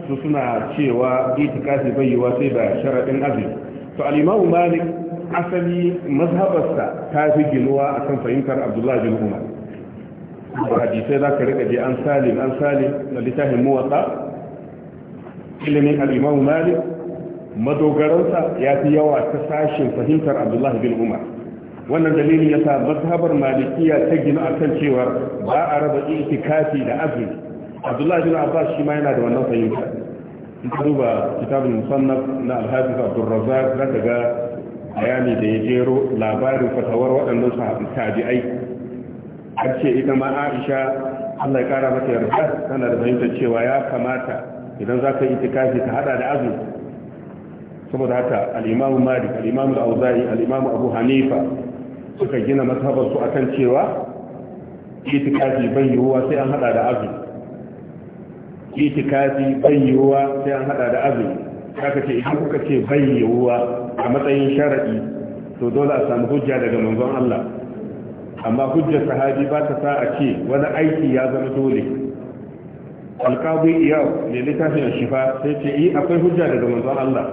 su suna cewa itikafi bai yiwa sai da sharadin azumi to al-imamu malik asali mazhabarsa ta fi ginuwa akan fahimtar abdullahi bin umar ba hadisai za ka rika je an salim an salim da littafin muwatsa ilimin al-imamu malik madogaransa ya fi yawa ta sashin fahimtar abdullahi bin umar wannan dalili ya sa mazhabar malikiya ta gina a kan cewa ba a raba itikafi da azumi abdullahi bin abbas shi ma yana da wannan fahimta in ka duba kitabun musannaf na alhaji abdurrazzaq za ga bayani da ya jero labarin fatawar waɗannan tabi'ai har ce ita ma aisha allah ya kara mata yarda tana da fahimtar cewa ya kamata idan za ka yi itikafi ta hada da azumi saboda haka al-imam malik al-imam al-auza'i al-imam abu hanifa suka gina mazhabar su akan cewa itikafi bai yiwuwa sai an hada da azumi itikafi bai yiwuwa sai an hada da azumi kaka ce idan kuka ce bai yiwuwa a matsayin sharadi to dole a samu hujja daga manzon Allah amma hujjar sahabi ba ta sa a ce wani aiki ya zama dole alƙabi iyau ne littafin shifa sai ce yi eh, akwai hujja daga manzon Allah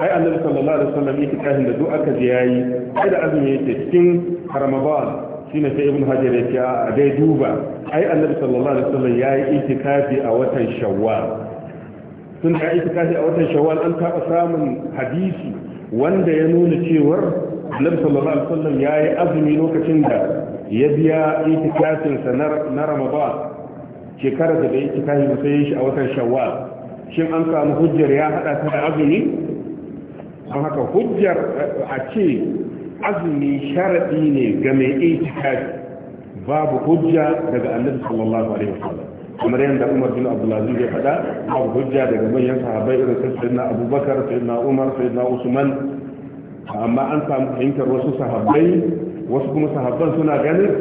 ai annabi sallallahu alaihi wasallam yake kafin da duk aka je yayi ai da azumi yake cikin ramadan shine sai ibn hajar yake a dai duba ai annabi sallallahu alaihi wasallam yayi itikafi a watan shawwal tun da itikafi a watan shawwal an taba samun hadisi wanda ya nuna cewar annabi sallallahu alaihi wasallam yayi azumi lokacin da ya biya itikafin sa na ramadan shekarar da bai itikafi ba sai shi a watan shawwal shin an samu hujjar ya hada ta da azumi don haka hujjar eh, a ce azumi sharaɗi ne game mai itikadi babu hujja daga annabi sallallahu alaihi wasallam kamar yadda Umar bin Abdulaziz ya faɗa babu hujja daga manyan sahabbai irin sayyidina Abubakar sayyidina Umar sayyidina Usman amma an samu fahimtar wasu sahabbai wasu kuma sahabban suna ganin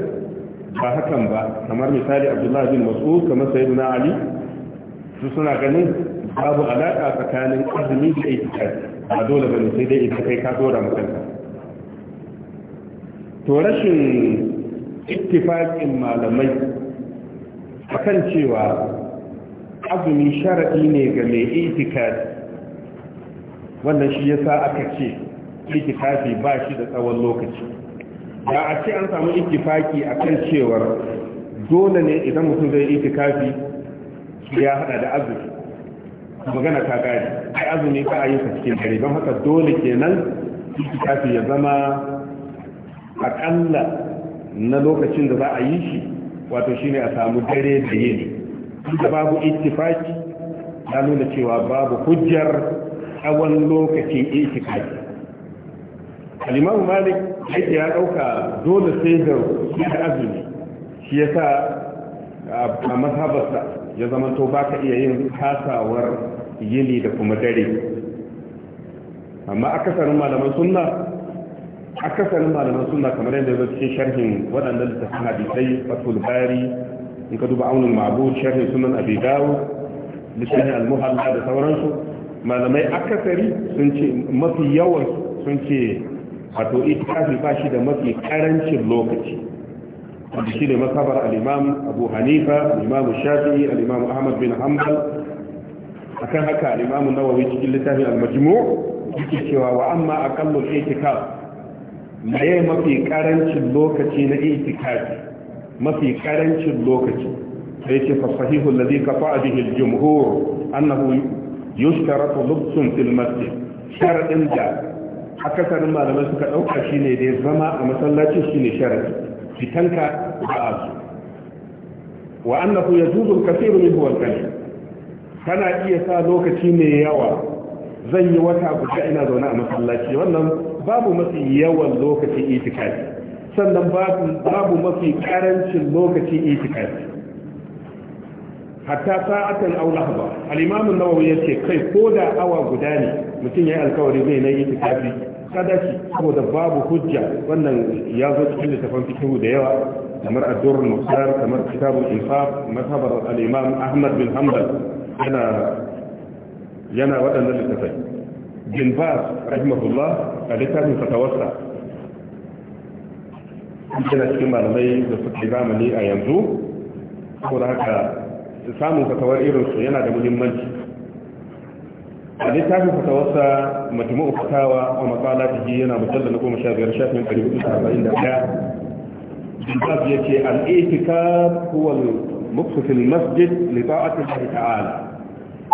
ba hakan ba kamar misali Abdullahi bin Mas'ud kamar sayyidina Ali su suna ganin babu alaƙa tsakanin azumi da itikadi ba dole bane sai dai ita kai ka dora makanka to rashin ittifaqin malamai akan cewa azumi sharadi ne ga mai itikad wannan shi yasa aka ce itikafi ba shi da tsawon lokaci da a ce an samu itifaki akan cewa dole ne idan mutum zai itikafi ya hada da azumi magana ta gari ai azumi ka ayyuka cikin dare don haka dole kenan itikafi ya zama akalla na lokacin da za a yi shi wato shine a samu dare da yini da babu ittifaki ta nuna cewa babu hujjar tsawon lokacin itikafi al-imam malik yake ya ɗauka dole sai da azumi shi yasa a mazhabarsa ya zama to ba ka iya yin kasawar yini da kuma dare amma akasarin malaman suna, akasarin malaman suna kamar yadda zai cikin sharhin waɗannan littafin hadisai fatul bari in ka duba aunin ma'bud sharhin sunan abi dawud littafin al da sauransu malamai akasari sun ce mafi yawan sun ce wato itikafi ba shi da mafi karancin lokaci wanda shi ne masabar al abu hanifa al-imam shafi'i al ahmad bin hanbal akan haka imamu nawawi cikin littafin al-majmu' yake cewa wa amma aqallu al-i'tikaf maye mafi karancin lokaci na i'tikafi mafi karancin lokaci sai ce fa sahihu alladhi qafa'a bihi al-jumhur annahu yushtaratu lubsun fil masjid sharadin da akasarin malamai suka dauka shine da zama a masallaci shine sharadi fitanka ba wa annahu yajuzu al min minhu wal-kalim kana iya sa lokaci mai yawa zan yi wata guda ina zaune a masallaci wannan babu mafi yawan lokacin itikafi sannan babu mafi karancin lokacin itikafi hatta sa'atan aw lahaba al-imam an-nawawi yace kai ko da awa guda ne mutum yayi alkawari zai na itikafi sadaki saboda babu hujja wannan ya zo cikin littafin fikihu da yawa kamar ad-durr al-mukhtar kamar kitab al-infaq mazhabar al-imam ahmad bin hanbal yana yana waɗannan littattafai bin ba rahimahullah a littafin fatawarsa yana cikin malamai da suke zamani a yanzu saboda haka samun fatawar irinsu yana da muhimmanci a littafin fatawarsa majimu fatawa a matsala ta yana da na goma sha biyar shafin ɗari hudu arba'in da ɗaya bin bas ya ce al'itikaf huwa muksu fil masjid li ta'atillahi ta'ala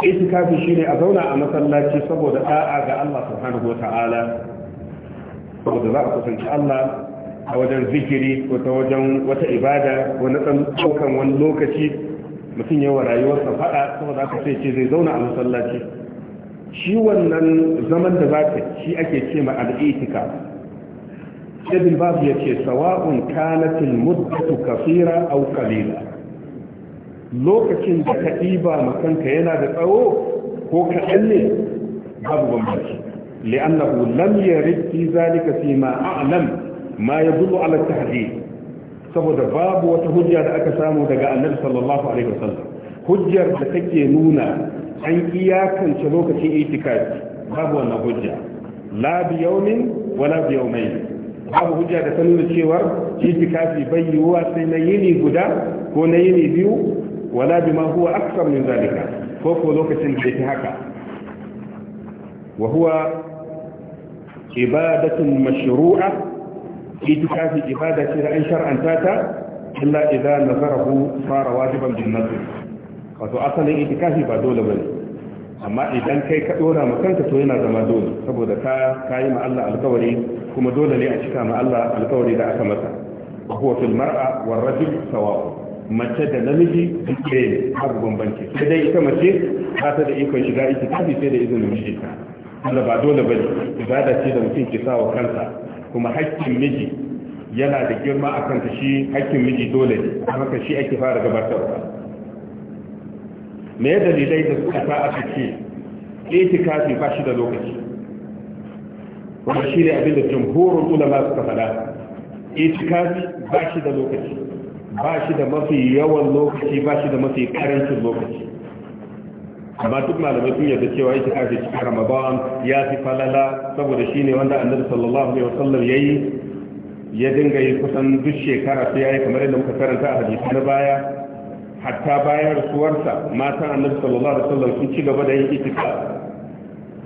itikafi shine a zauna a masallaci saboda da'a ga Allah subhanahu ta'ala saboda za a kusanci Allah a wajen zikiri ko ta wajen wata ibada wani dan daukan wani lokaci mutum yawa rayuwarsa fada saboda aka ce ce zai zauna a masallaci shi wannan zaman da zaka shi ake ce ma al-itikaf babu ya ce sawa'un kanat al-muddatu kaseera aw lokacin da ka ɗiba ma kanka yana da tsawo ko kaɗan ne babu bambanci li'annahu lam yarid fi zalika fi ma a'lam ma yadullu ala tahdid saboda babu wata hujja da aka samu daga annabi sallallahu alaihi wasallam hujjar da take nuna an iyakance lokacin itikafi babu wannan hujja la bi yawmin wala bi yawmayn babu hujja da ta nuna cewa itikafi bai yiwuwa sai na yini guda ko na yini biyu wala bima huwa aksar min zalika ko ko lokacin da yake haka wa huwa ibadatun mashru'a itikafi ibada ce da an shar'anta ta illa idan nazarahu fara wajiban bin nazar wato asalin itikafi ba dole bane amma idan kai ka dora ma kanka to yana zama dole saboda ka kayi ma Allah alkawari kuma dole ne a cika ma Allah alkawari da aka masa wa huwa fil mar'a war rajul sawa'un mace da namiji duke ne bambanci sai dai ita mace ba ta da ikon shiga ita tafi sai da izinin ta wanda ba dole ba ibada ce da mutum ke sa wa kansa kuma hakkin miji yana da girma a kanta shi hakkin miji dole ne haka shi ake fara gabatarwa me dalilai da suka sa aka ce kafi ba shi da lokaci kuma shi ne abinda jamhurin ulama suka faɗa itikafi ba shi da lokaci ba shi da mafi yawan lokaci ba shi da mafi karancin lokaci amma duk malamai sun yarda cewa ita kafi cikin ramadan ya fi falala saboda shi ne wanda annabi sallallahu alaihi wasallam ya yi ya dinga yi kusan duk shekara sai ya yi kamar yadda muka karanta a hadisi na baya hatta bayan rasuwarsa matan annabi sallallahu alaihi wasallam sun ci gaba da yin itika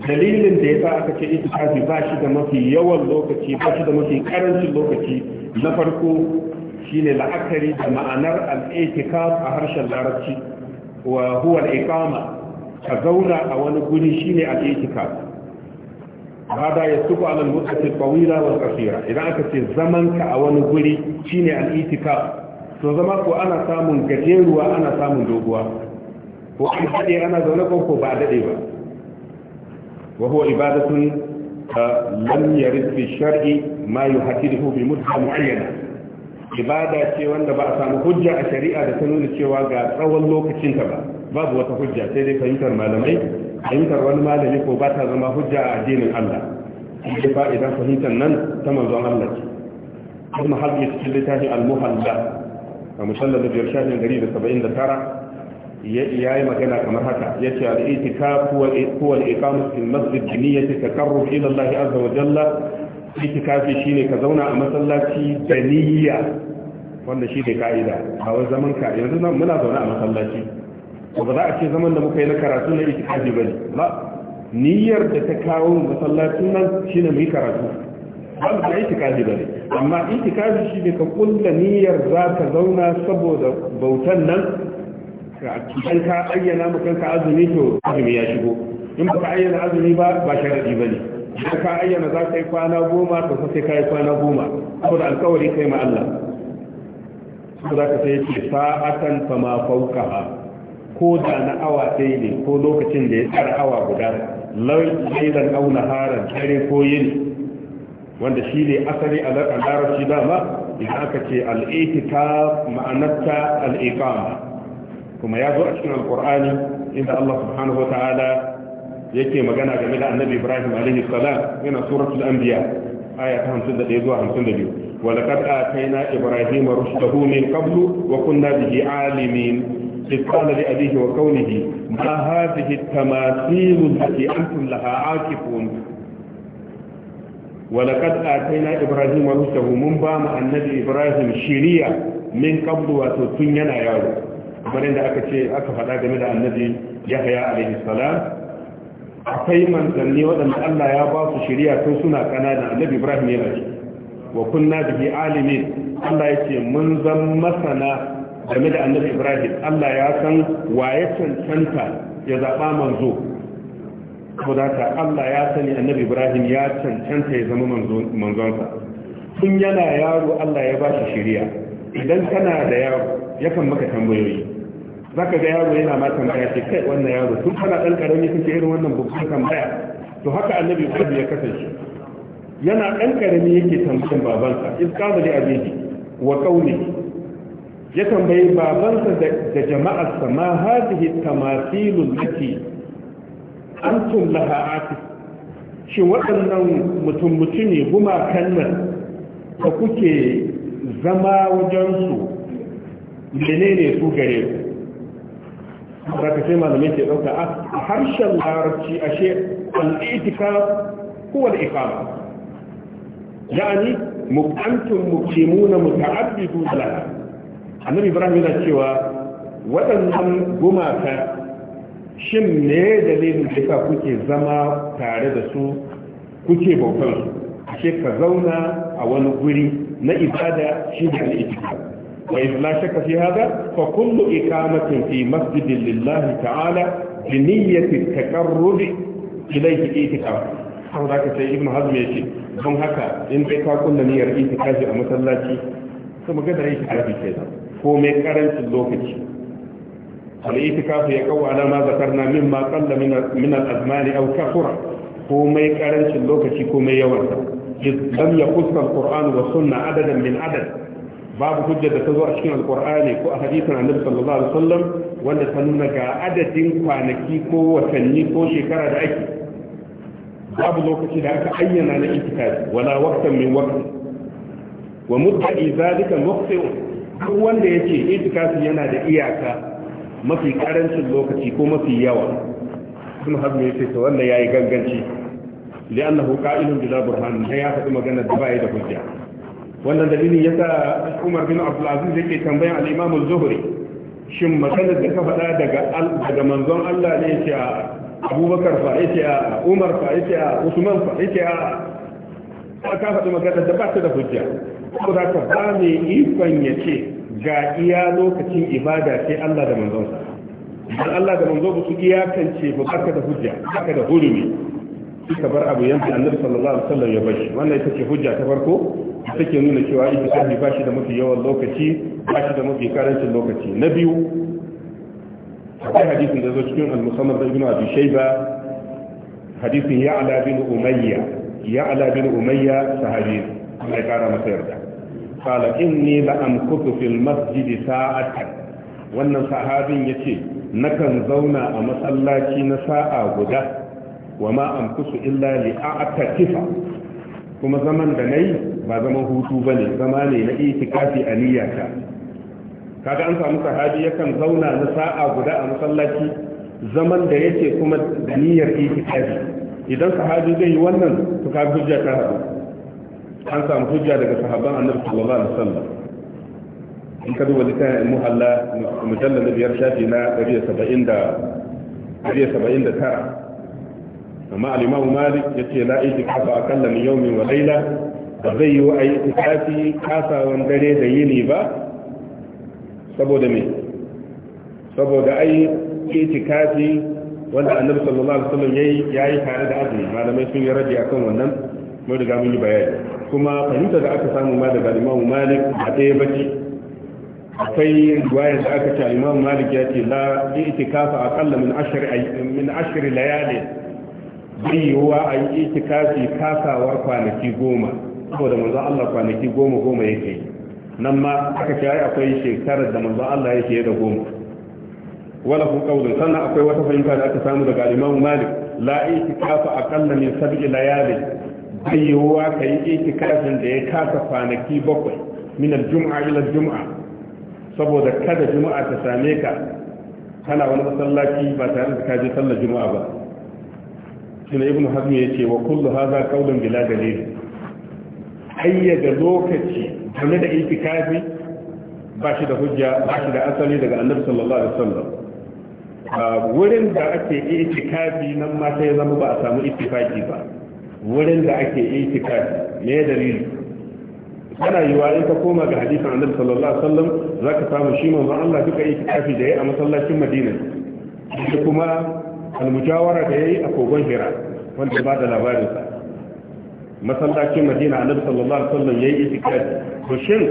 dalilin da ya sa aka ce itika ba shi da mafi yawan lokaci ba shi da mafi karancin lokaci na farko shine la'akari da ma'anar al a harshen larabci wa huwa al A zauna a wani guri shine al-i'tikaf hada yasuku ala al-muddati tawila wa qasira idan aka ce zamanka a wani guri shine al-i'tikaf to zama ko ana samun gajeruwa ana samun doguwa ko an dade ana zaune ko ba dade ba wa huwa ibadatun ah, lam yarid fi shar'i ma yuhaddiduhu bi mudda mu'ayyana ibada ce wanda ba a samu hujja a shari'a da ta nuna cewa ga tsawon lokacin ta ba babu wata hujja sai dai fahimtar malamai fahimtar wani malami ko ba ta zama hujja a addinin Allah sai fa'idan fahimtar nan ta manzon Allah ce kuma har yi cikin littafin al-muhalla a musallar da biyar shafin gari da saba'in da tara ya yi magana kamar haka ya ce al'itikafu wal iqamatu fil masjid bi niyyati taqarrub ila Allah azza wa jalla itikafi shine ka zauna a masallaci da niyya wanda shi ne ka'ida a wani zaman ka yanzu muna zaune a masallaci to ba za a ce zaman da muka yi na karatu na itikafi ba ne ba niyyar da ta kawo masallacin nan shi ne yi karatu ba ba itikafi ba ne amma itikafi shi ne ka kulla niyyar za ka zauna saboda bautan nan idan ka ayyana maka kanka azumi to azumi ya shigo in ba ayyana azumi ba ba sharadi ba ne idan ka ayyana za ka yi kwana goma to sai ka yi kwana goma saboda alkawari kai ma Allah saboda ka sai ce sa'atan fa ma fawqaha ko da na awa ɗaya ne ko lokacin da ya tsara awa guda lailan aw naharan dare ko yini wanda shi ne asali a larabci dama idan aka ce al'itika ma'anarta al'iqama kuma ya zo a cikin alkur'ani inda Allah subhanahu wa ta'ala yake magana game da annabi ibrahim alaihi salam yana suratul anbiya aya ta 51 zuwa 52 laqad atayna ibrahima rushdahu min qablu wa kunna bihi alimin إذ قال لأبيه وقومه ما هذه التماثيل التي أنتم لها عاكفون ولقد آتينا إبراهيم رشده من بام النبي إبراهيم شريعة من قبل وتتنين يارو kamar yadda aka ce aka faɗa game da annabi yahya alaihi salam akwai manzanni waɗanda Allah ya ba su shirya tun suna ƙanana annabi Ibrahim ya ce wa kunna bihi alimin Allah ya ce mun zan masana game da annabi Ibrahim Allah ya san waye cancanta ya zaɓa manzo saboda ka Allah ya sani annabi Ibrahim ya cancanta ya zama manzonsa tun yana yaro Allah ya ba shi shirya. idan kana da yaro yakan maka tambayoyi za ka ga yaro yana ma tambaya ce kai wannan yaro tun kana ɗan ƙarami kake irin wannan babban tambaya to haka annabi ibrahim ya kasance yana ɗan ƙarami yake tambayan babansa in kama da abiji wa kauli ya tambayi babansa da jama'arsa ma hadhihi tamathilul lati antum laha atif shin waɗannan mutum mutumi gumakan nan da kuke zama wajensu menene su gare ku za ka sai malamai ke ɗauka ah, a harshen larabci ashe al'itikaf huwa da ikama ya'ani muqantum muqimuna muta'abbidu lana annabi ibrahim yana cewa waɗannan gumaka shin ne dalilin da kuke zama tare da su kuke bautar su ashe ka zauna a wani guri na ibada shi da al'itikaf وإذ لا شك في هذا فكل إقامة في مسجد لله تعالى بنية التقرب إليه إيتكاف أو ذاك سيد ابن هزم يشي من هكا إن بيكا كنا نير إيتكاف المسلاتي ثم قد رأيك على في كذا فومي كارن تلوكي الإيتكاف يقو على ما ذكرنا مما قل من الأزمان أو كثرة فومي كارن تلوكي كومي يوانا لم يقص القرآن والسنة عددا من عدد babu hujjar da ta zo a cikin alkur'ani ko a hadisin annabi sallallahu alaihi wasallam wanda ta nuna ga adadin kwanaki ko watanni ko shekara da ake babu lokaci da aka ayyana na itikafi wala waqtan min waqti wa mudda'i zalika muqti duk wanda yace itikafi yana da iyaka mafi karancin lokaci ko mafi yawa sun hazmi yace to wanda yayi ganganci li'annahu qa'ilun bila burhan ya faɗi magana da ba da hujja wannan dalilin ya sa umar bin abdulaziz yake tambayan al'imamu zuhuri shin maganar da ka faɗa daga manzon allah ne ya ce a abubakar fa ya ce a umar fa ya ce a usman fa ya ce a ka faɗi maganar da ba ta da hujja ko za ka ba mai ikon ya ce ga iya lokacin ibada sai allah da manzon sa. idan allah da manzon ba su iyakance ba ba ka da hujja ba ka da hurumi suka bar abu yanzu annabi sallallahu alaihi wasallam ya bashi wannan ita ce hujja ta farko take nuna cewa ijtihadi ba shi da mafi yawan lokaci ba shi da mafi karancin lokaci na biyu akwai hadisin da zo cikin al-musamman da ibnu abi shayba hadisin ya ya'la bin umayya ya'la bin umayya sahabi Allah ya kara masa yarda qala inni la amkutu fil masjid sa'atan wannan sahabin yace nakan zauna a masallaci na sa'a guda wa ma amkusu illa li a'takifa kuma zaman da nayi ba zaman hutu ba ne zama ne na itikafi a niyyata kaga an samu sahabi yakan zauna na sa'a guda a masallaci zaman da yake kuma da niyyar itikafi idan sahabi zai yi wannan to ka hujja ta haɗu an samu hujja daga sahabban annabi sallallahu alaihi wasallam in ka duba littafin muhalla mujallal biyar shafi na 170 da 179 amma al-imam malik yace la itikafa akalla min yawmin wa layla ba zai yi a yi itikafi kasawan dare da yini ba saboda me saboda ai itikafi wanda annabi sallallahu alaihi wasallam yayi yayi tare da azumi malamai sun yi rabi akan wannan mun riga mun bayani kuma fahimta da aka samu ma daga Imam Malik a ɗaya bace akwai riwayar da aka ce Imam Malik ya ce la itikafa aqalla min ashr min ashr layali bai yiwuwa a yi itikafi kasawar kwanaki goma saboda manzo Allah kwanaki goma goma yake nan ma aka ce akwai shekarar da manzo Allah yake da goma wala ku sannan akwai wata fahimta da aka samu daga Imam Malik la itikafa aqalla min sab'i layali bayyuwa kai itikafin da ya kasa kwanaki bakwai min al-jum'a ila al-jum'a saboda kada juma'a ta same ka kana wani masallaci ba tare da ka je sallar juma'a ba shine ibnu hazm yace wa kullu hadha qawlun bila dalil ayyada lokaci game da itikafi ba shi da hujja ba shi da asali daga annabi sallallahu alaihi wasallam wurin da ake itikafi nan ma sai zama ba a samu itifaki ba wurin da ake itikafi me dalili kana yiwa in ka koma ga hadisin annabi sallallahu alaihi wasallam zaka samu shi manzon Allah duka itikafi da yayi a masallacin Madina da kuma almujawara da yayi a kogon Hira wanda ba da labarin sa masallacin madina annabi sallallahu alaihi wasallam yayi itikafi to shin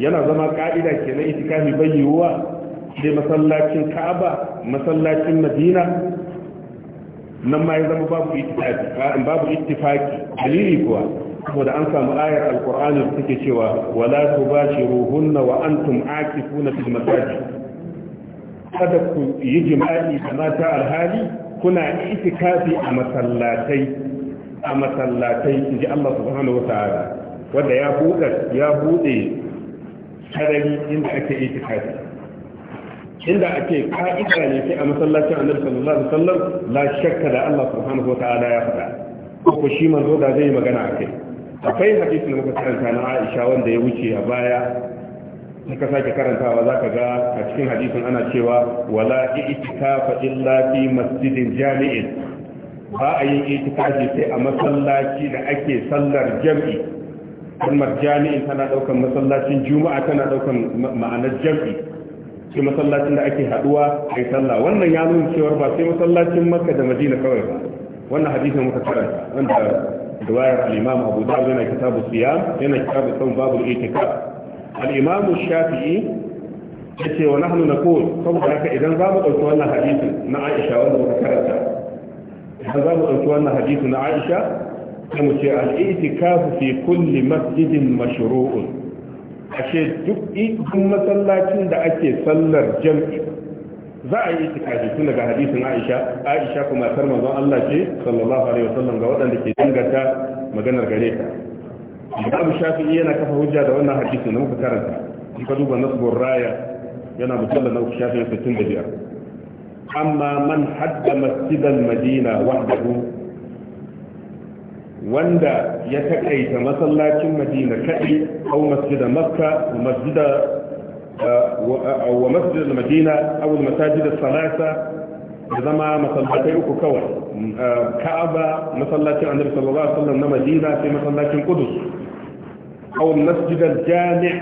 yana zama ka'ida kenan itikafi bai yiwuwa sai masallacin ka'aba masallacin madina nan ma ya zama babu ittifaki babu ittifaki dalili kuwa saboda an samu ayar alqur'ani da take cewa wala tubashiruhunna wa antum aqifuna fil masajid kada ku yi jima'i da mata alhali kuna itikafi a masallatai a masallatai in ji Allah subhanahu wa ta'ala wanda ya buɗe ya buɗe sarari inda ake itikafi inda ake ka'ida ne sai a masallacin annabi sallallahu alaihi wasallam la shakka da Allah subhanahu wa ta'ala ya faɗa ko shi manzo da zai magana akai akwai hadisin da muka karanta na Aisha wanda ya wuce a baya in ka sake karantawa za ka ga a cikin hadisin ana cewa wala itikafa illa fi masjidin jami'in ba a yin itikafi sai a masallaci da ake sallar jam'i kalmar jami'in tana daukan masallacin juma'a tana daukan ma'anar jam'i sai masallacin da ake haduwa ai sallah wannan ya nuna cewa ba sai masallacin makka da madina kawai ba wannan hadisin muka karanta wanda riwayar al-imam abu dawud yana kitabu siyam yana kitabu sawm babu itikaf al-imam shafi'i yace wa nahnu naqul saboda haka idan za mu dauki wannan hadisin na Aisha wanda muka karanta idan za mu ɗauki wannan hadisi na aisha da mu ce al'itikafu fi kulli masjidin mashru'un ashe duk idin masallacin da ake sallar jam'i za a yi itikafi tun daga hadisin aisha aisha kuma tar manzon Allah ce sallallahu alaihi wasallam ga waɗanda ke dangata maganar gare ta Imam Shafi'i yana kafa hujja da wannan hadisin na muka karanta in ka duba nasbur raya yana da na Shafi'i 65 amma man hadda masjidan madina wahdahu wanda ya takaita masallacin madina kadai aw masjida makka wa masjida wa masjid madina aw al-masajid al-thalatha zama masallatai uku kawai ka'aba masallacin annabi sallallahu alaihi wasallam na madina sai masallacin qudus aw al-masjid al-jami'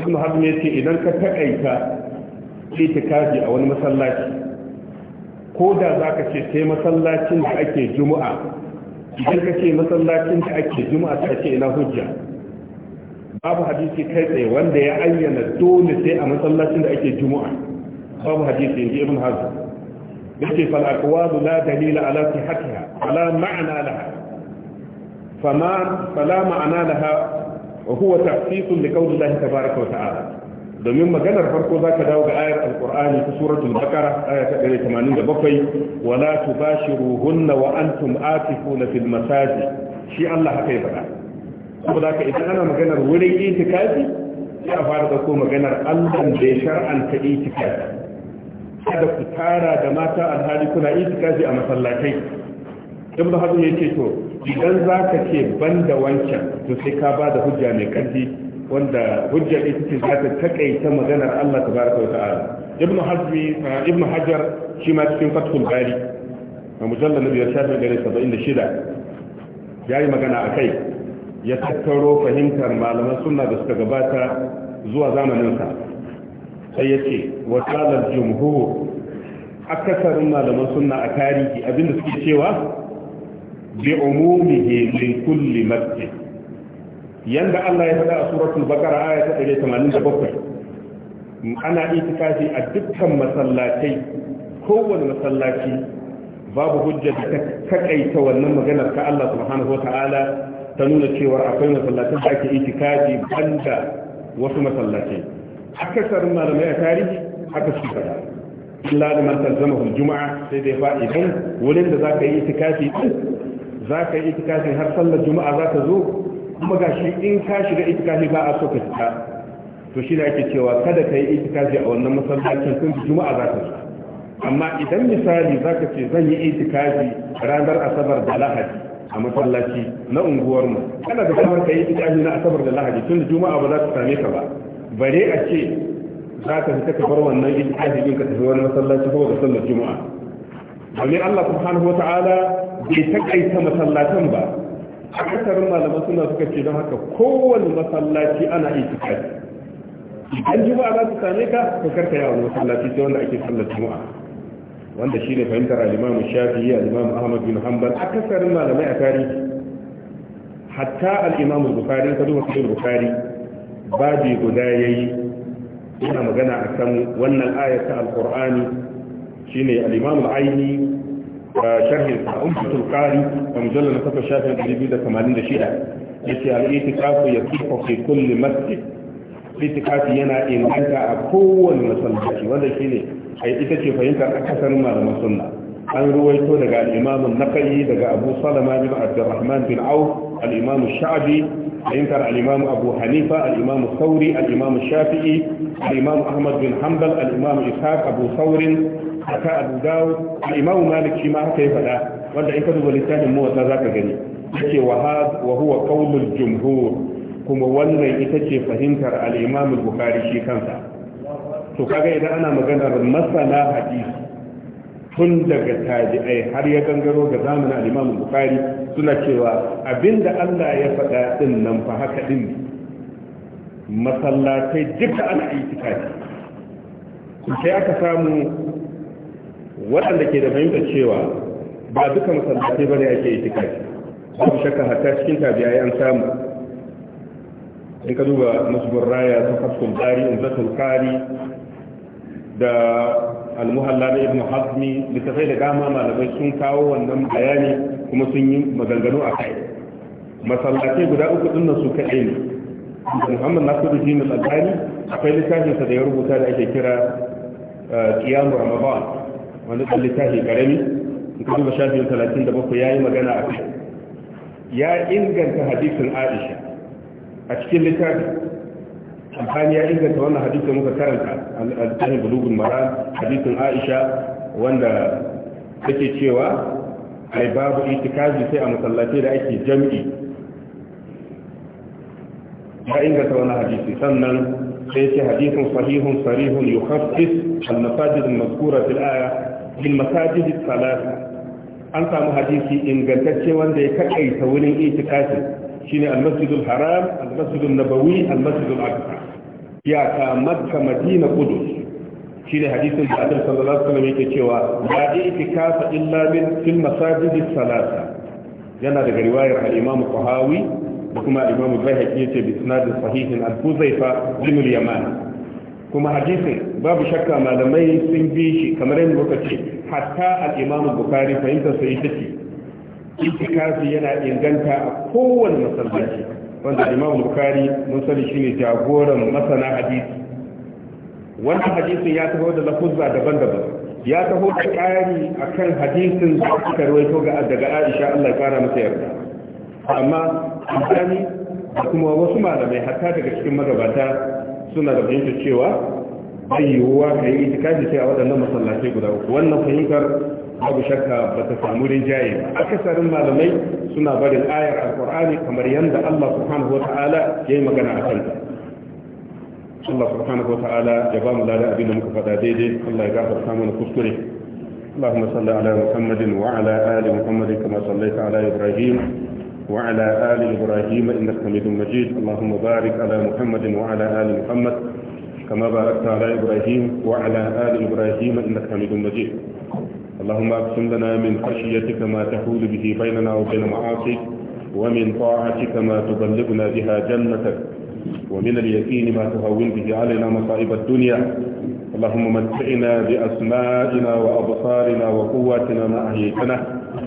ibn hazm yace idan ka takaita itikafi a wani masallaci ko da za ka ce sai masallacin da ake juma'a idan ka ce masallacin da ake juma'a ta ce ina hujja babu hadisi kai tsaye wanda ya ayyana dole sai a masallacin da ake juma'a babu hadisi inji ibn hazm yace fal aqwalu la dalila ala sihhatiha ala ma'na laha fama fala ma'na laha wa huwa tahsis li qawli Allah tabaaraka wa ta'ala domin maganar farko za ka dawo ga ayar alkur'ani ta suratul bakara aya ta bakwai, wala tubashiruhunna wa antum atifuna fil masaji shi Allah haka ya faɗa saboda ka idan ana maganar wurin itikafi sai a fara dauko maganar Allah da ya shar'anta itikafi kada ku tara da mata alhali kuna itikafi a masallatai ibn hazm yake to idan zaka ce banda wancan to sai ka ba da hujja mai ƙarfi wanda hujjar ita ce za ta takaita maganar Allah tabaraka wa ta'ala ibnu hazmi eh, ibnu hajar shi ma cikin fathul bari a mujallal na biyar shafin gare saba'in da shida ya yi magana a kai ya tattaro fahimtar malaman sunna da suka gabata zuwa zamaninsa sai ya ce wasalar jumhur akasarin malaman sunna a tarihi abinda suke cewa bi umumihi min kulli masjid yanda Allah ya faɗa a suratul bakara aya ta 187 ana itikafi a dukkan masallatai kowane masallaci babu hujja da ta kakaita, wannan maganar ta Allah subhanahu ta'ala, ta nuna cewa akwai masallatai da ake itikafi banda wasu masallatai akasarin malamai a tarihi haka su faɗa illa da man talzamahum juma'a sai dai fa idan wurin da zaka yi itikafi za zaka yi itikafi har sallar juma'a za ka zo kuma ga shi in ka shiga itikafi ba a so ka fita to shi ake cewa kada ka yi itikafi a wannan masallacin tun juma'a za ka amma idan misali za ka ce zan yi itikafi ranar asabar da lahadi a masallaci na unguwarmu kana da damar ka yi itikafi na asabar da lahadi tun juma'a ba za ta same ka ba bare a ce za ka fita ka bar wannan itikafi din ka tafi wani masallaci saboda sallar juma'a domin Allah subhanahu wata'ala bai takaita masallatan ba a kasarin malaman suna suka ce don haka kowane masallaci ana itikadi idan juma'a za su same ka ka karka yawon masallaci sai wanda ake sallar juma'a wanda ne fahimtar al-Imam Shafi'i al Ahmad bin Hanbal akasarin malamai a tarihi hatta al-Imam Bukhari ka duba sahih babi guda yayi ina magana a kan wannan ayat ta al-Qur'ani shine al-Imam aini sharhin ummatul qari a mujallal na kafa shafin 286 yace al-i'tikafu yaqifu fi kulli masjid itikafi yana inganta a kowane masallaci wanda shine ai ita ce fahimtar akasarin malaman sunna an ruwaito daga imamun naqi daga abu salama bin abdurrahman bin auf al sha'bi fahimtar al abu hanifa al sauri al shafi'i al-imam ahmad bin Hambal, al-imam ishaq abu saurin haka abu dawo imamu malik shi ma haka ya faɗa wanda in ka duba littafin motsa za ka gani yake wa huwa qaulul jumhur kuma wannan ita ce fahimtar al'imamu imam bukhari shi kansa to kaga idan ana maganar masana hadisi tun daga tabi'ai har ya gangaro ga zamanin al'imamu imam bukhari suna cewa abinda Allah ya faɗa din nan fa haka din masallatai duka ana itikafi sai aka samu waɗanda ke da fahimtar cewa ba duka masallatai ne ake itikafi babu shakka hatta cikin tabi'ai an samu in ka duba masubur raya ta fasul bari in zatul kari da almuhalla da ibnu hazmi littafai da dama malamai sun kawo wannan bayani kuma sun yi maganganu a kai masallatai guda uku din su kaɗai ne muhammad nasiru jini al-albani akwai littafinsa da ya rubuta da ake kira kiyamu eh, ramadan wani ɗan littafi ƙarami in ka duba shafi talatin da bakwai ya yi magana a kai ya inganta hadisin aisha a cikin littafi amfani ya inganta wannan hadisin muka karanta a littafin bulugun mara hadisin aisha wanda take cewa ai babu itikazi sai a masallatai da ake jam'i ya inganta wannan hadisi sannan sai ce hadisin sahihun sarihun yukhaffis al-masajid al-mazkura fil aya bil masajid salasa an samu hadisi ingantacce wanda ya kakaita wurin itikafi shine al-masjidul haram al nabawi al-masjidul aqsa ya ka makka madina qudus shine hadisin da annabi sallallahu alaihi wasallam yake cewa la itikafa illa min fil masajid salasa yana daga riwayar al-imam Tahawi da kuma al-imam Bayhaqi yace bi isnad sahihin al-Huzaifa bin al kuma hadisin babu shakka malamai sun bi shi kamar yadda muka ce hatta al-imam bukari fahimtar sa ita ce itikafi yana inganta a kowane masallaci wanda imam bukhari mun sani shine jagoran masana hadisi wannan hadisin ya taho da lafuzza daban-daban ya taho da ƙari akan hadisin da aka rawaito ga daga Aisha Allah ya kara masa yarda amma da kuma wasu malamai hatta daga cikin magabata suna da fahimtar cewa bai yiwuwa ka yi itikafi sai a waɗannan masallatai guda uku wannan fahimtar babu shakka ba ta samu rinjaye ba akasarin malamai suna barin ayar Alƙur'ani kamar yadda Allah subhanahu wa ta'ala ya yi magana a kanta Allah subhanahu wa ta'ala ya ba mu ladan abin da muka faɗa daidai Allah ya gafarta mana kuskure اللهم صل على محمد وعلى آل محمد كما صليت على إبراهيم وعلى آل إبراهيم إنك حميد مجيد اللهم بارك على محمد وعلى آل محمد كما باركت على إبراهيم وعلى آل إبراهيم إنك حميد مجيد اللهم اقسم لنا من خشيتك ما تحول به بيننا وبين معاصيك ومن طاعتك ما تبلغنا بها جنتك ومن اليقين ما تهون به علينا مصائب الدنيا اللهم متعنا بأسمائنا وأبصارنا وقواتنا ما أحييتنا